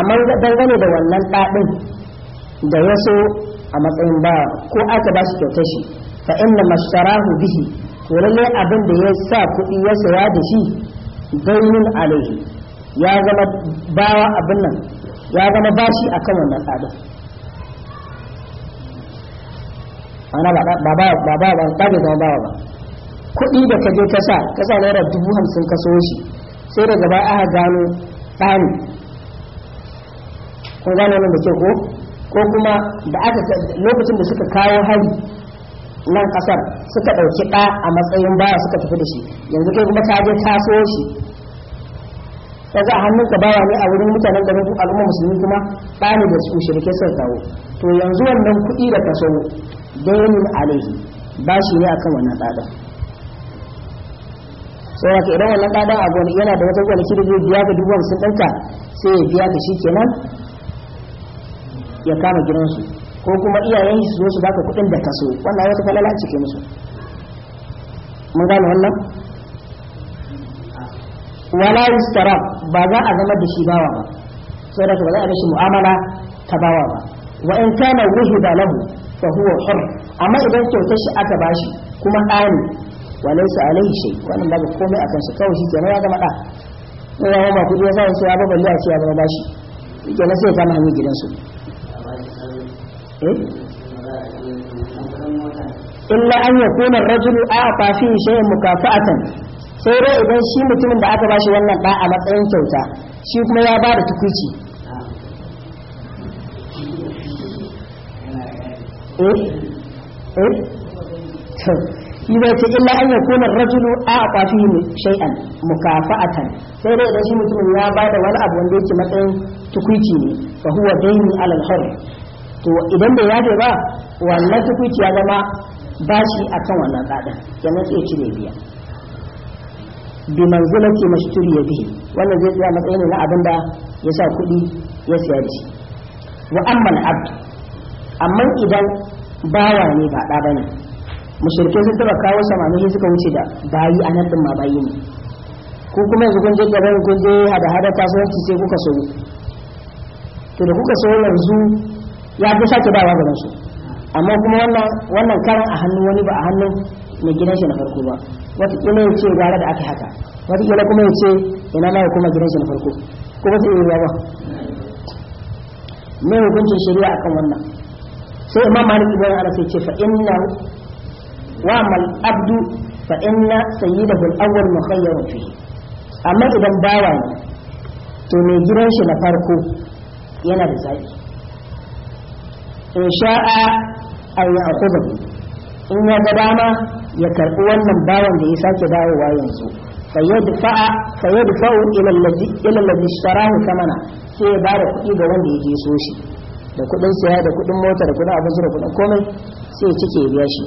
amma dangane da wannan ɗaɗin da ya so a matsayin bawa ko aka ba shi kyauta shi fa inna mashtarahu bihi to lalle abin da ya sa kuɗi ya saya da shi dainin alaihi ya zama bawa abin nan ya zama bashi akan wannan ɗaɗin ana ba ba ba ba ba ba ba ba ba kuɗi da ka je ka sa ka sa naira dubu hamsin ka so shi sai daga baya aka gano ɗani kun gane nan da ke ko ko kuma da aka lokacin da suka kawo hari nan kasar suka ɗauki ɗa a matsayin baya suka tafi da shi yanzu kai kuma ka je so shi za a ka bawa ne a wurin mutanen garin al'umma musulmi kuma ba ne da su shirke sai kawo to yanzu wannan kuɗi da ka so dainin alaihi shi ne akan wannan tsada sai yake idan wannan tsada a gona yana da wata gona da zai biya ga dubu hamsin ɗinka sai ya biya da shi kenan ya kama gidansu ko kuma iyayen su zo su baka kuɗin da kaso wannan wata falala lalace ke musu mun gane wannan wala yustara ba za a zama da shi bawa ba da ba za a mishi mu'amala ta bawa ba wa in kana da lahu fa huwa hur amma idan kyautar shi aka bashi kuma ɗani walaysa alaihi shay wannan babu komai akan shi kawai shi kenan ya gama ɗa ne ya ba kuɗi ya sa ya ba balle a ce ya bashi kenan sai ya kama hanyar gidansu Hmm? illa an ya kuna rajulu a fafi shayin mukafa'atan sai dai idan shi mutumin da aka bashi wannan ɗa a matsayin kyauta shi kuma ya ba da tukuci eh? Eh? shi bai ce illa an ya kuna rajulu a fafi shay'an mukafa'atan sai dai idan shi mutumin ya ba da wani abu wanda yake matsayin tukuci ne fa huwa daini alal hurr to idan bai yaje ba wannan tukuci ya zama bashi kan wannan tsadan kenan sai cire biya bi manzilati mashturi ya bihi wannan zai tsaya matsayin na abin da ya sa kuɗi ya siya da shi wa amma abd amma idan bawa ne ba ɗa ne mushrikai sun taba kawo shi suka wuce da bayi a nan ma bayi ne ko kuma yanzu kun je gaban kun je hada hada kasuwanci sai kuka so to da kuka so yanzu ya ga sake dawa ga shi amma kuma wannan wannan karan a hannun wani ba a hannun mai gidan shi na farko ba wata wataƙila ya ce gara da aka haka wataƙila kuma ya ce ina na kuma gidan shi na farko ko ba su iya ba mai hukuncin shari'a akan wannan sai imam malik ibn anas sai ce fa inna wa mal abdu fa inna sayyidahu al-awwal mukhayyarun fihi amma idan bawa ne to mai gidan shi na farko yana da zabi in sha'a an a akudu in ya ga dama ya karɓi wannan bawan da ya sake dawowa yanzu fayyadfa'u ila ladhi ishtarahu kamana sai ya bada kuɗi ga wanda ya je so shi da kuɗin saya da kuɗin mota da kuɗin abinci da kuɗin komai sai ya cike ya biya shi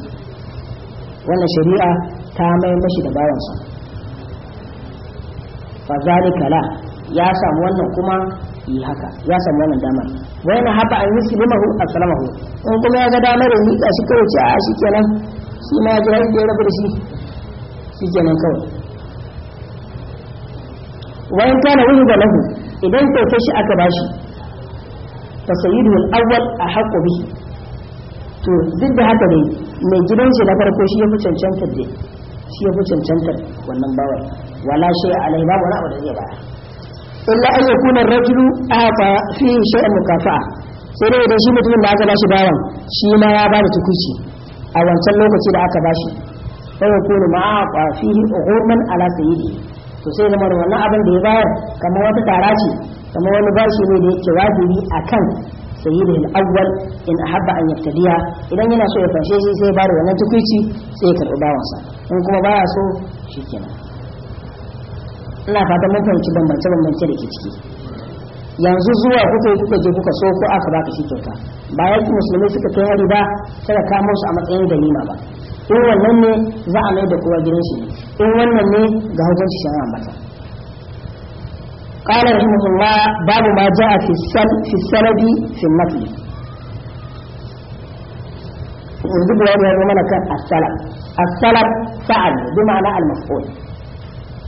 wannan shari'a ta mai mashi da bawansa fa zalika la ya samu wannan kuma yi haka ya samu wannan damar wani na haka an yi shi limahu asalamahu in kuma ya ga damar yi ga shi kawai ce a shi kenan shi ma ya jira ya rabu da shi shi kenan kawai wayan kana wuri da lahu idan kyauta shi aka bashi ta sayyidu al-awwal haƙo bihi to duk da haka dai mai gidan shi na farko shi ya fi cancantar dai shi ya fi cancantar wannan bawan wala a alai babu wani abu da zai baya illa an yakuna rajulu afa fi shay'in mukafa'a sai dai idan shi mutumin da aka bashi bawan shi ma ya ba da tukuci a wancan lokaci da aka bashi sai ya kuna ma'afa fihi ghurman ala sayyidi to sai zama wannan abin da ya bayar kamar wata tara ce kamar wani bashi ne da yake wajibi akan kan al-awwal in ahabba an yaftadiya idan yana so ya fanshe shi sai ya da wannan tukuci sai ya karbi bawansa in kuma baya so kenan. ina fata mun fahimci bambance bambance da ke ciki yanzu zuwa kuka kuka je kuka so ko aka baka shi kyauta ba ya musulmi suka kai hari ba kada ka musu a matsayin ganima ba in wannan ne za a mai da kowa gidan shi in wannan ne ga hukunci shan mata قال رحمه الله باب ما جاء في السل في السند في النفل yanzu bayani ya mana kan asalam asalam fa'al bi ma'ana al-maf'ul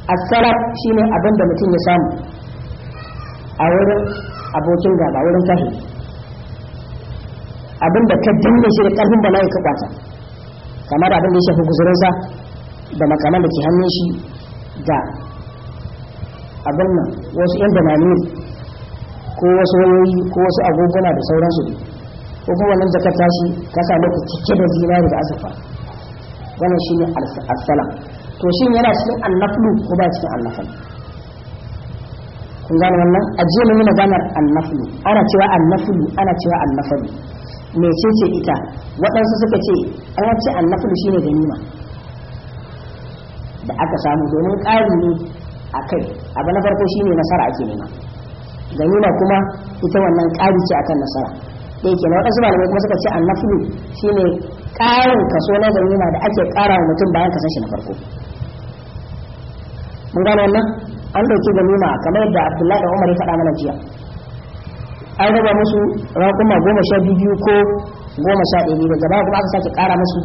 asalaf shi shine abin da mutum ya samu a wurin abokin gaba wurin kashi, abin da ka danne shi da karfin bala'i ka kwata kamar abin da ya shafi guzurinsa da makaman da ke hannun shi da abin nan wasu yan damani ko wasu wayoyi ko wasu agogona da sauransu ko kuma wannan zakata shi, ka samu ku cike da zinari da asafa wannan shi as-salam to shin yana cikin annaflu ko ba cikin annaflu kun gane wannan a jiya mun yi maganar annaflu ana cewa annaflu ana cewa annaflu ce, ita waɗansu suka ce an ce annaflu shine ganima da aka samu domin ƙari ne a kai abu na farko shine nasara ake nema ganima kuma ita wannan ƙari ce akan nasara ɗaya kenan waɗansu malamai kuma suka ce annaflu shine ƙarin kaso na ganima da ake ƙara wa mutum bayan kasashe na farko mun gane wannan an dauki ganima kamar da Abdullah da umar ya faɗa mana jiya an raba musu raƙuma goma sha biyu ko goma sha ɗaya daga baya kuma aka sake ƙara musu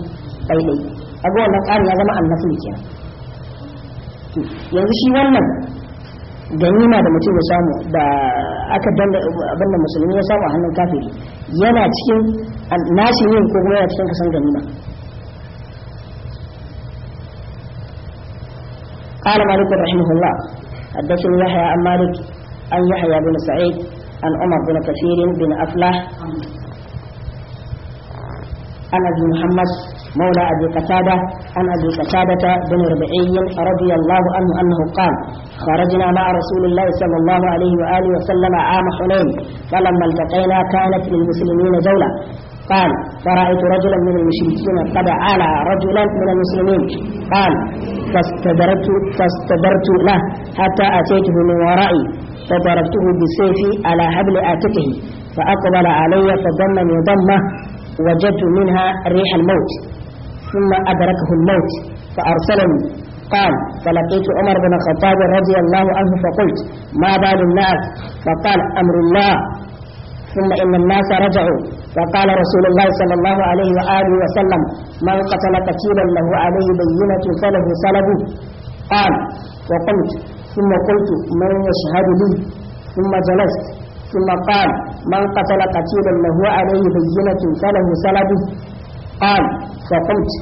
ɗaiɗai a ga wannan ƙari ya zama annafi kenan yanzu shi wannan ganima da mutum ya samu da aka danda abin da musulmi ya samu a hannun kafiri yana cikin nashi yin ko kuma yana cikin kasan ganima قال مالك رحمه الله حدثنا يحيى عن مالك عن يحيى بن سعيد عن عمر بن كثير بن افلاح عن أبي محمد مولى أبي قتادة عن أبي قتادة بن ربعي رضي الله عنه أنه قال خرجنا مع رسول الله صلى الله عليه وآله وسلم عام حنين فلما التقينا كانت للمسلمين دوله قال فرأيت رجلا من المشركين قد على رجلا من المسلمين قال فاستدرت, فاستدرت له حتى أتيته من ورائي فضربته بسيفي على حبل آتته فأقبل علي فضم يضمه وجدت منها ريح الموت ثم أدركه الموت فأرسلني قال فلقيت عمر بن الخطاب رضي الله عنه فقلت ما بال الناس فقال أمر الله ثم إن الناس رجعوا وقال رسول الله صلى الله عليه وآله وسلم من قتل قتيلا له عليه بينة فله سلبه قال وقلت ثم قلت من يشهد لي ثم جلست ثم قال من قتل قتيلا له عليه بينة فله سلبه قال فقلت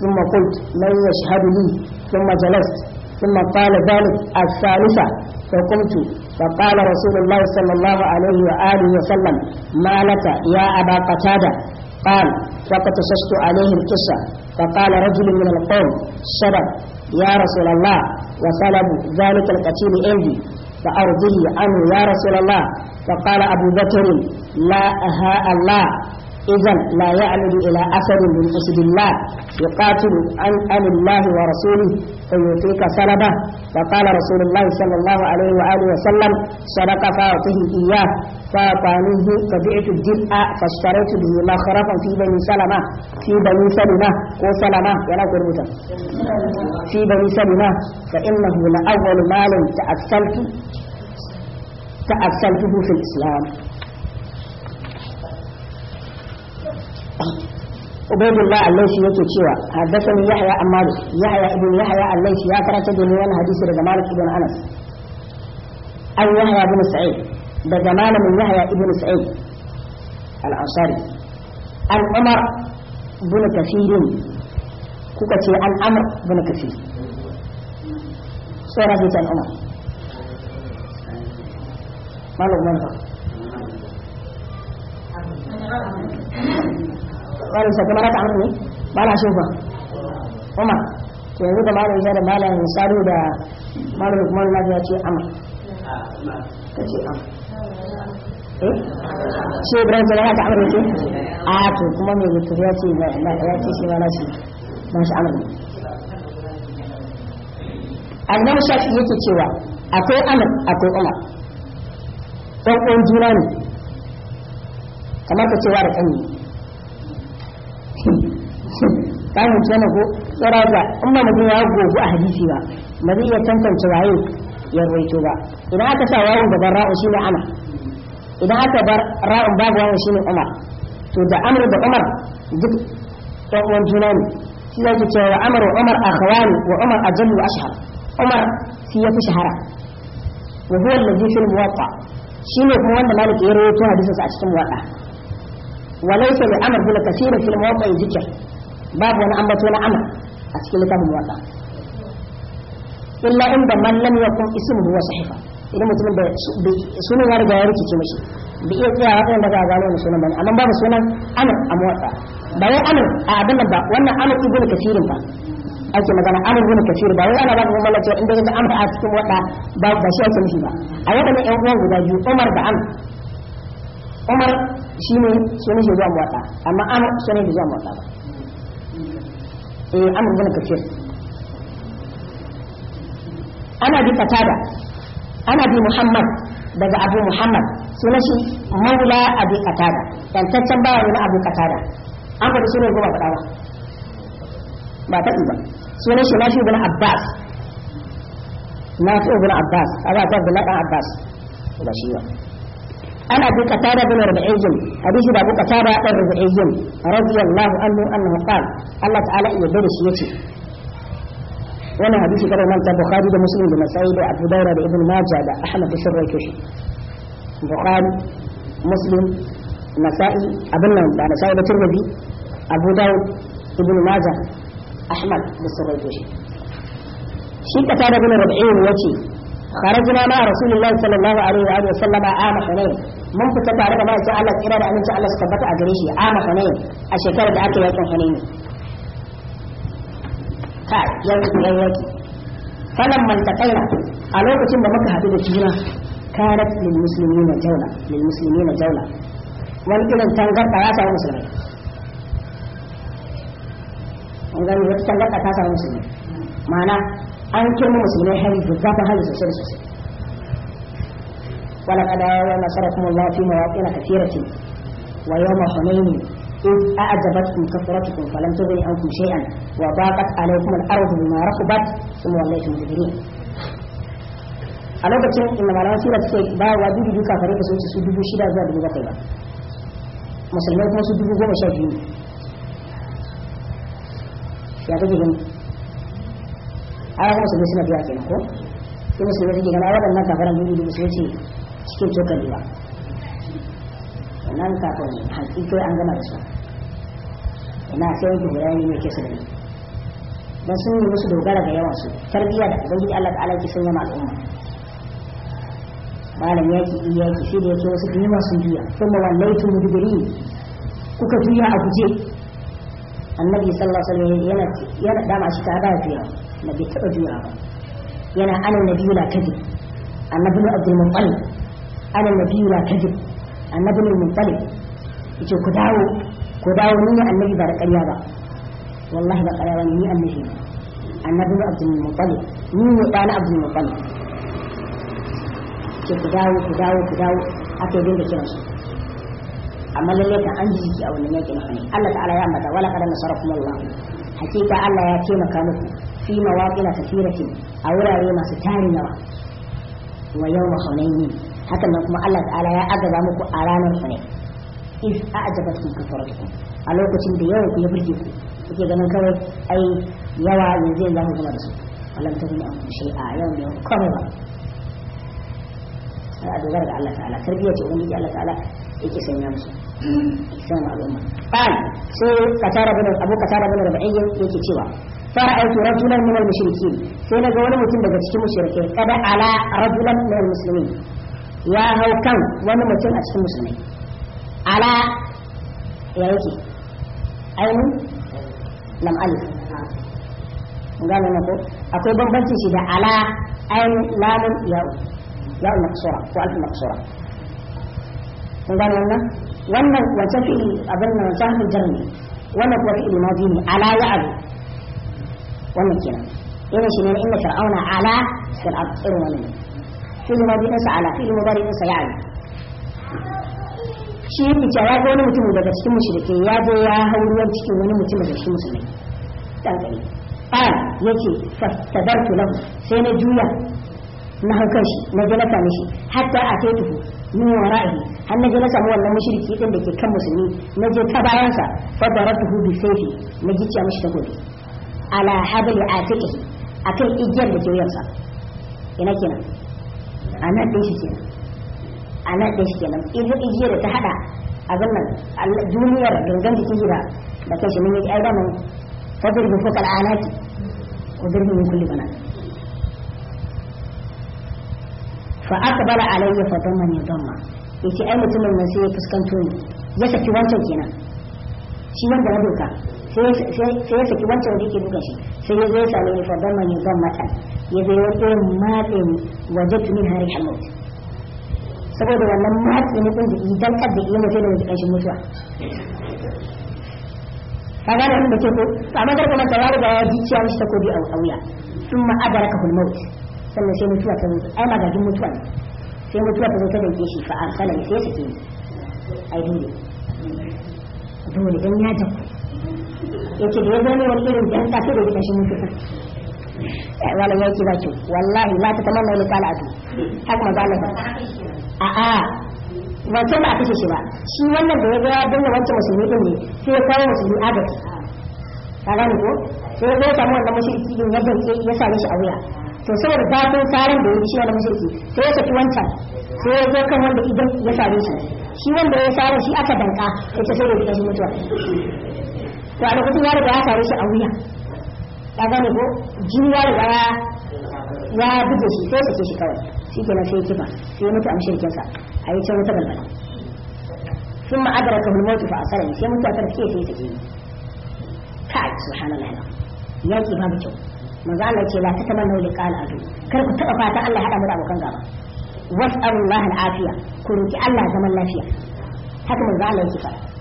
ثم قلت من يشهد لي ثم جلست ثم قال ذلك الثالثة فقلت فقال رسول الله صلى الله عليه وآله وسلم ما لك يا أبا قتادة قال فقد فقصصت عليه القصة فقال رجل من القوم سبب يا رسول الله وسلب ذلك القتيل عندي فأرضي عنه يا رسول الله فقال أبو بكر لا أهاء الله إذا لا يعلم إلى أثر من أسد الله يقاتل عن أن الله ورسوله فيعطيك سلبه فقال رسول الله صلى الله عليه وآله وسلم صدق فاعطه إياه فأعطانيه فبعت الدرء آه، فاشتريت به مخرفا في بني سلمة في بني سلمة وسلمة ولا كرمة في بني سلمة فإنه لأول مال تأثلت تأثلته في الإسلام ubaidullah allahi yake cewa haddathani yahya an malik yahya ibn yahya allahi ya karanta da ni wani hadisi daga malik ibn anas an yahya ibn sa'id daga malamin yahya ibn sa'id al-ansari an umar ibn kafirin kuka ce an amr ibn kafir sai rabi an umar malamin umar wani sa kuma raka amfani ba na shofa yanzu da malam ya da malam sadu da malam kuma na ya ce amma ka ce eh ibrahim amfani ce a to kuma mai mutum ya ce ya ce shi shi na shi amfani annabi shafi yake cewa akwai akwai umar ɗan juna ne kamar ka cewa da kani kamun tana ko tsaraza in ba mutum ya gogo a hadisi ba ba zai iya tantance waye ya rawaito ba idan aka sa wawun da shi ne ana idan aka bar ra'un babu shi ne umar to da amr da umar duk ɗan uwan juna ne shi yake cewa wa amr wa umar akhawani wa umar ajallu ashhar umar shi fi shahara wa huwa alladhi fil shi ne kuma wanda maliki ya rawaito hadisin sa a cikin muwatta وليس للامر بلا كثير في الموقع الذكر باب وانا امر تولى امر اسكي لك بالموقع الا عند من لم يكن اسمه هو صحيفه idan mutum da sunan ya riga ya rikice mashi da iya tsaya hakan da za a gano sunan bane amma babu sunan amir a motsa ba wai amir a abin nan ba wannan amir ibn kasirin ba ake magana amir ibn kasir ba wai ana ba mu mallaka inda ga amir a cikin wada ba ba shi ake mishi ba a wadannan ƴan uwan guda biyu umar da amir umar shi ne sunan shi zuwa muwaɗa amma amur sunan shi zuwa muwaɗa ba eh amur bin kafir ana bi fatada ana bi muhammad daga abu muhammad sunan shi maula abi qatada yantaccen bawa ne na abu qatada an faɗi ne goma faɗa ba ba taɗi ba sunan shi shi bin abbas na fi bin abbas a ba ta bin abbas ba shi ba أنا أبو قتادة بن ربعي جن حديث أبو قتادة بن ربعي جن رضي الله عنه أنه قال الله تعالى يبدل سيتي وانا حديث كده من البخاري ده مسلم ده نسائي ده أبو دايرة ده ابن ماجه ده أحمد بشر الكشي البخاري مسلم نسائي أبن ده نسائي ده ترمذي أبو داود ابن ماجه أحمد بن الكشي شيء قتادة بن ربعي يأتي kharajna ma rasulullahi sallallahu alaihi wa sallama ama hunain mun fita tare da ma'aikin Allah da aminci Allah su tabbata a gare shi ama hunain a shekarar da aka yakin hunain ka yanzu yan yaki falan man taqaina a lokacin da muka haɗu da juna karat lil muslimina jawla lil muslimina jawla wani irin tangarda ya samu musulmai an kirma mu musulmai hari zazzafin hari sosai da sosai ولقد نصركم الله في مواطن كثيرة ويوم حنين an أعجبتكم كثرتكم فلم تغن عنكم شيئا وضاقت عليكم الأرض بما رحبت ثم وليتم مدبرين a lokacin inda malaman sura suke ba wa dubu biyu kafare da sun su dubu shida zuwa dubu bakwai ba musulmai kuma su dubu goma sha biyu ya kake gani ai kuma musulmi suna zuwa kenan ko sai musulmi suke gana waɗannan nan dubu dubu sun ce cikin cokali ba wannan kafin hakikai an gama da su ina sai wani guda ne mai kesa da ni dan sun yi musu dogara ga yawan su tarbiyya da ubangiji Allah ta'ala ke sanya al'umma malam ya ki iya ki shi da ce wasu kuma sun biya kuma wallaitu ne kuka juya a guje annabi sallallahu alaihi wasallam yana yana dama shi ta ba biya na bai taɓa juya ba yana ana nabiyu la kadib annabi ne abdul muttalib ana nabiyu la kadib annabi ne muttalib yace ku dawo ku dawo ni ne annabi ba da ƙarya ba wallahi ba ƙarya ba ni annabi annabi ne abdul muttalib ni ne ɗana abdul muttalib ce ku dawo ku dawo ku dawo aka yi dinga kiransu amma lalle kan an jijiki a wannan yakin ne Allah ta'ala ya mata wala kada nasara kuma Allah hakika Allah ya taimaka muku fi mawaƙila kasiratin a wurare masu tari nawa wa yau ma hunainin hakan nan kuma Allah ta'ala ya azaba muku a ranar hunain is a ajabatkum kafaratukum a lokacin da yawan ku ya burge ku kuke ganin kawai ai yawa yanzu zai ku gama da su walam ta gina ku a yau ne kuma ba a dogara ga Allah ta'ala tarbiyya ce ubangiji Allah ta'ala yake sanya musu sama al'umma qal sai kasara bin abu kasara bin rabi'i yake cewa فرأيت رجلا من المشركين سينا جوانا متن daga cikin mushrikai kada ala rajulan min almuslimin ya hau kan wani mutum a cikin musulmai ala ya yake ainihin lam alif gane na ko akwai bambanci shi ala ainihin lamun yau yau ko alif maksura kun wannan wancan fi'ili abin nan wancan hafin jarmi wannan kuwa fi'ili ma ne ala ya abu wannan kenan irin shi ne inna fir'auna ala fil ard irin wannan shi ne mabin sa ala fi mubari sa ya ali shi yake cewa ya ga wani mutum daga cikin mushrikai ya je ya hau ruwan cikin wani mutum daga cikin musulmai dan kare a yake fastadartu lahu sai na juya na hau kanshi na je na kame shi hatta ataitu min wara'i har na je na samu wannan mushriki din da ke kan musulmi na je ta bayansa fa daratuhu bi sayfi na gicciya mishi gobe. ala habli atiqi akan igiyar da ke wuyansa ina kenan ana din shi kenan anan din shi kenan idan igiyar da ta hada abin nan duniyar gangan jikin shi da da kanshi mun yi aidan nan fadir bi fuka alati wadir min kulli bana fa aqbala alayya fa damma ni damma yace ai mutumin nan sai ya fuskanto ni ya saki wancan kenan shi wanda na doka sai ya saki wancan da yake dukan shi sai ya zo ya same ya fa dama ne zan mata ya zo ya zo matse waje tuni hari hamad saboda wannan matse ne kun da da mutum da mutum kan mutuwa ka gane da ke ko amma da kuma ta da ya ji shi ta kobi a wuya sun ma'adara ka hulmaut sannan sai mutuwa ta ai mutuwa ne sai mutuwa ta zo ta dauke shi fa arsala sai ya saki ai dole dole dan ya jabu yake da ya gane wani irin dan ta da kuma mutu kuka wala yake ba ce wallahi ma ta tamanna wani kala atu haka magana ba a a wancan ba a kashe shi ba shi wannan da ya ga danna wancan musulmi din ne sai ya kawo musulmi agaji ka gani ko sai ya samu wannan mushriki din ya danke ya sare shi a wuya to saboda zafin tsarin da ya ci wani mushriki sai ya saki wancan sai ya zo kan wanda idan ya sare shi shi wanda ya sare shi aka danka ya ce sai da ya mutuwa to alkutu ya riga ya faru shi a wuya ta gane ko jini ya riga ya ya buge shi sai sake shi kawai shi ke sai kifa sai mutu a mashirkin sa a yi can wuta balbala sun ma'adara ta hulmotu fa a sarari sai mutu a tarfiye sai sake yi kai subhanallah ya ki babu kyau manzo Allah ce la ta taman nau liqal adu kar ku taba fata Allah hada mu da abokan gaba was'alullahi al'afiya ku roki Allah zaman lafiya haka manzo Allah yake fara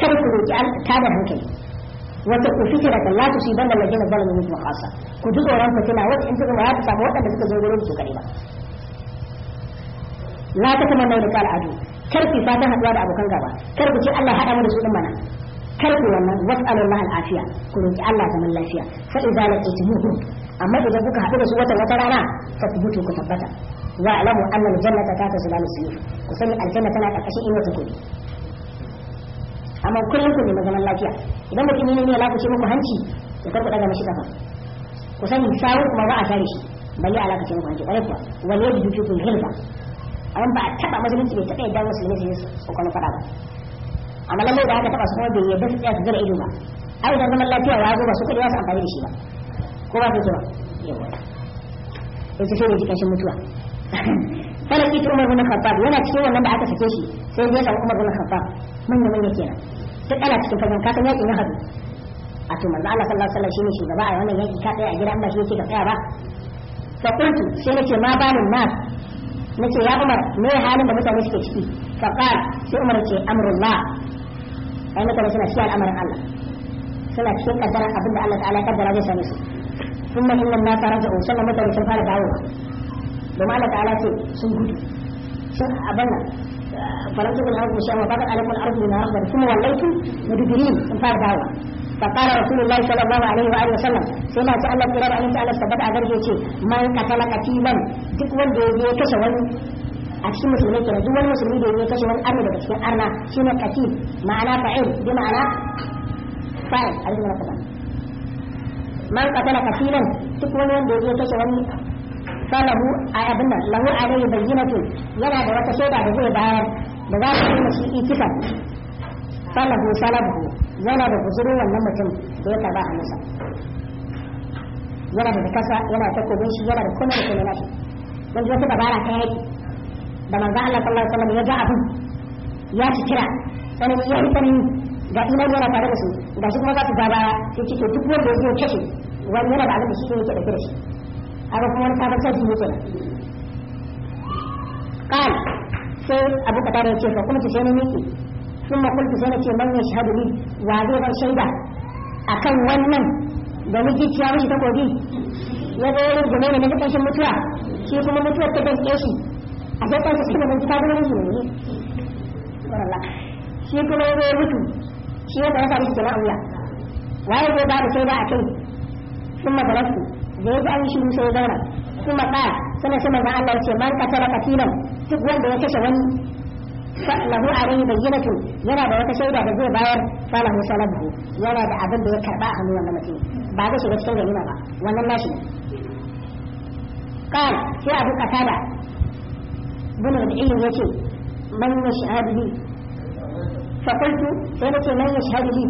kar ku roki Allah ta da hankali wata ku fikira kan lati shi banda lajin zalimi mutum khasa ku ji tsoron fitina wata in tuka ya samu waɗanda suka zo gurin su kare ba la ta kama nau da kal adu kar ku fata haɗuwa da abokan gaba kar ku ce Allah haɗa mu da su din mana kar ku wannan was'alu Allah al'afiya ku roki Allah zaman lafiya fa idza laqitumuhum amma idan kuka haɗu da su wata wata rana fa kubutu ku tabbata wa alamu anna al-jannata ta tazlalu siyuf ku sani al-janna tana ƙarƙashin inuwa ta kudi amma kullum ku nemi zaman lafiya idan mutum ne ya lakuce muku hanci to kar ku daga mashi kafa ku sani sawu kuma ba a share shi balle a lakuce muku hanci kwarai kuwa wani yadda dutu kun hirba amma ba a taba musulunci bai taba yadda musulunci ne su kwallo fada ba amma lalle da aka taba su kuma bai yadda su tsaya su zira ido ba ai idan zaman lafiya ya zo ba su kuɗi za su amfani da shi ba ko ba su zuwa yawa yanzu sai da jikin shi mutuwa falaki ta umar bin khattab yana cikin wannan da aka sake shi sai ya samu umar bin khattab manya manya kenan duk ana cikin fagen ka san yakin ya hadu a to manzo Allah sallallahu alaihi wasallam shine shugaba a wannan yaki ka tsaya a gidan ba shi yake ka tsaya ba fa kuntu sai nace ma balin nas nace ya Umar me halin da mutane suke ciki fa qala sai Umar ce amrullah ai mutane suna shi al'amarin Allah suna cikin kaddaran abin da Allah ta'ala kaddara zai same su kuma inna ma da usallam mutane sun fara dawowa domin Allah ta'ala ce sun gudu sun abanna فلم تكن الارض شيئا وبدأ لكم الارض بما رحبا ثم مدبرين فار فقال رسول الله صلى الله عليه واله وسلم سيما da Allah tabbata a garje ce man katala katilan a cikin musulmi kenan duk wani musulmi da ya kashe wani arna daga cikin arna ma'ana fa'il bi falahu a abin nan lahu alayhi bayyinatu yana da wata shaida da zai bayar da za su yi shi ikifa falahu salabu yana da guzuri wannan mutum da ya karba a masa yana da kasa yana ta takobin shi yana da kuma da kuma nashi don ya ta dabara ta yaki da manzo Allah sallallahu alaihi wasallam ya ga abin ya ci kira sanin iya yi ga imani yana tare da su ga shi kuma za su gaba ya ce duk wanda ya zo kashe wani yana da abin da shi ne yake dauke da shi haka kuma wani sabon sarki yake nan qal sai abu qatada ce fa kuma sai ne miki kuma kulki sai ce man yashhadu li wa zai bar shaida akan wannan da ni gicciya mishi ta kogi ya zo wurin gume ne na jikin shi mutuwa shi kuma mutuwar ta gaske shi a sai kansa shi kuma ta gume shi ne shi kuma ya zo mutu shi ya da ya sa mishi kenan a wuya waye zai ba da shaida a kai sun madarasu da ya an shiru sai zauna kuma ba sannan sai manzon Allah ya ce man qatala qatilan duk wanda ya kashe wani lahu alaihi bayyinatu yana da wata shaida da zai bayar falahu salabu yana da abin da ya karba a wannan mutum ba zai shiga cikin ganima ba wannan nashi قال في أبو قتادة بن ربعي يتي من يشهد لي فقلت سيدتي من يشهد لي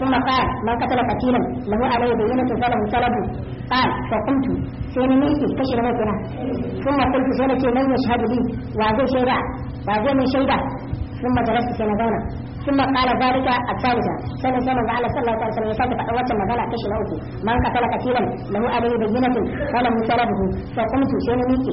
ثم قال من قتل قتيلا له عليه بينة فله طلب قال فقمت سيني ميتي كشف موتنا ثم قلت سينتي من يشهد لي وعزي شيدا وعزي من شيدا ثم جلست سنزونا ثم قال ذلك الثالثة سنة سنة على صلى الله عليه وسلم يساك فأوت مغالا كشف موتي من قتل قتيلا له عليه بينة فله طلبه فقمت سيني ميتي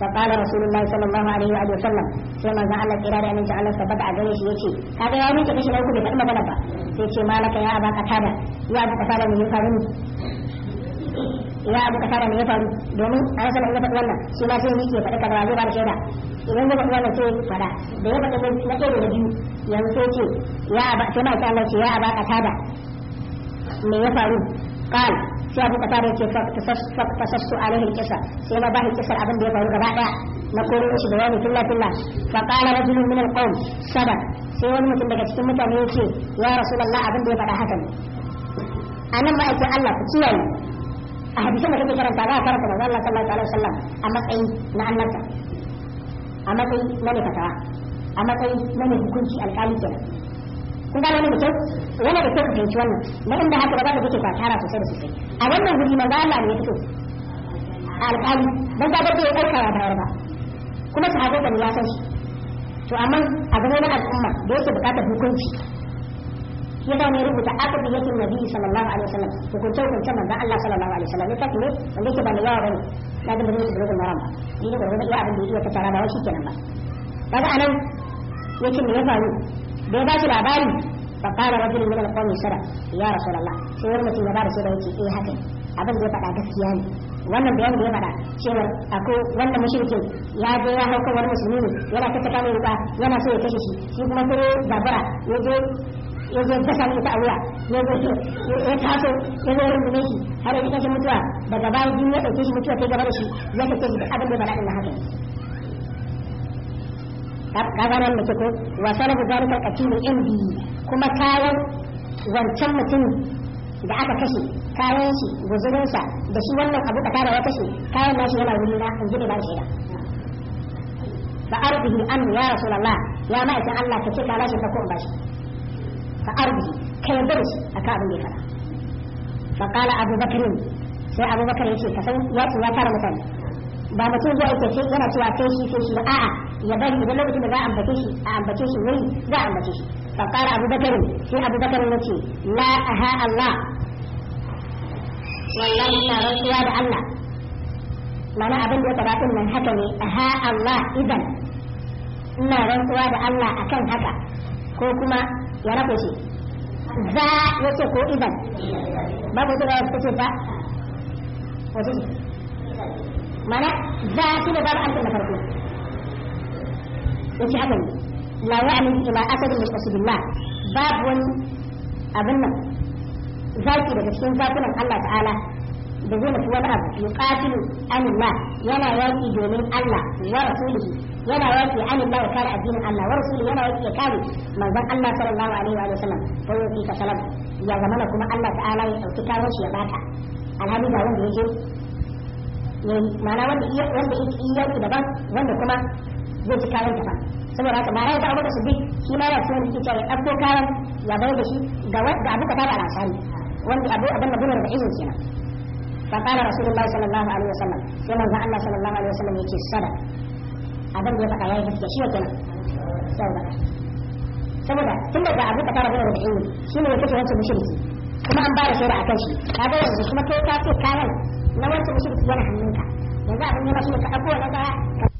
فقال رسول الله صلى الله عليه وآله وسلم sai manzon Allah kira da aminci Allah tabbata a gare shi yace kaga ya miƙe kashi na uku bai faɗi magana ba sai ce malaka ya abaka tada ya abaka tada ne ya faru ya abu kasara ne ya faru domin an sanar ya faɗi wannan shi ma sai ni ke faɗi kaza ba da shaida idan ya faɗi wannan sai da na biyu yanzu ce ya aba sai ma ya aba kasada me ya faru qal sai abu kasa da yake fasassu alaihi kisa sai na bashi kisar abin da ya faru gaba daya na koro shi da wani tulla filla fa qala rajulun min alqawm sabab sai wani mutum daga cikin mutane yake ya rasulullah abin da ya faɗa haka ne anan ba ake Allah ku ciyayi a hadisin da kake karanta za a karanta manzo Allah sallallahu alaihi wasallam a matsayin na annabta a matsayin na ne fatawa a matsayin na ne hukunci alƙali kenan kun gane wannan da kyau yana da kyau ku fahimci wannan na inda haka ba za ka guje kwatara sosai da sosai a wannan guri manzo Allah ne ya fito alƙali dan ga dabbe ya ɗauka ya bayar ba kuma sahabai da ya san shi to amma a gaba na al'umma da yake buƙatar hukunci ya da ne rubuta akadu yake nabi sallallahu alaihi wasallam hukunce hukunce manzo Allah sallallahu alaihi wasallam ne kake ne wanda yake ba da yawa bane na da mun da rubuta maram ni da rubuta ya abin da yake tara da wasu kenan ba daga anan yake ne ya faru da ya bashi labari fa qala rajulun min al-qawm shara ya rasulullah sai wani mutum ya ba da shi da yake eh haka abin da ya faɗa gaskiya ne wannan bayanin da ya faɗa cewa akwai wannan mushrikin ya je ya hauka wani musulmi ne yana ta tsaka wuka yana so ya kashe shi shi kuma sai babura ya je ya je gasa ne ta aura ya zo ya taso ya zo rungume shi har ya kashe mutuwa daga baya biyu ya ɗauke shi mutuwa ta gaba da shi ya kashe shi abin da ya faɗa ɗin haka kazanan mace ko wa salabu zalika qatilul biyu kuma kayan wancan mutumin da aka kashe kayan shi guzurin sa da shi wannan abu da tara ya kashe kayan nashi yana wuri na in gida ba shi da fa arbihi an ya rasulullah ya ma'aikin Allah ce ka lashe ka ko ba shi fa arbihi kai da shi aka abin da ya fada fa qala abubakar sai abubakar yace ka san ya ce ya fara mutane ba mutum zuwa yake sai yana cewa sai shi sai shi a'a ya bari idan lokacin da za a ambace shi a ambace shi wuri za a ambace shi fa qala abu bakr sai abu bakr ce la aha allah wallahi ina rantsuwa da allah mana abin da ya gabatar nan haka ne aha allah idan ina rantsuwa da allah akan haka ko kuma ya rafe shi za ya ce ko idan babu wata da ya ce ba wajen mana za shi da babu an na farko yace haka ne la ya'lamu ila asadin mustasibillah babu wani abin nan zaki daga cikin zakunan Allah ta'ala da zai nufi wani abu yuqatilu anillah yana yaki domin Allah wa rasulihi yana yaki anillah ya kare addinin Allah wa rasulihi yana yaki ya kare manzon Allah sallallahu alaihi wa sallam ko yaki ka salam ya zamana kuma Allah ta'ala ya sauki kawo shi ya baka alhali ga wanda yake yayi ma'ana wanda wanda yake yaki daban wanda kuma zai ci kayan kafa saboda haka bara da abubakar siddiq shi ma ya cikin yake cewa ɗauko kayan ya bayar da shi ga wanda abu ka tada al'ashari wanda abu abin da bunar da izin kenan fa qala rasulullahi sallallahu alaihi wasallam sai manzo Allah sallallahu alaihi wasallam yake sada abin da ya faɗa yayi gaskiya shi kenan saboda saboda tunda da abu ka tada bunar da izin shi ne yake wancan mushriki kuma an ba da shaida akan shi kaga yanzu kuma kai ka ce kayan na wancan mushriki yana hannunka yanzu abin yana so ka ɗauko wani ka.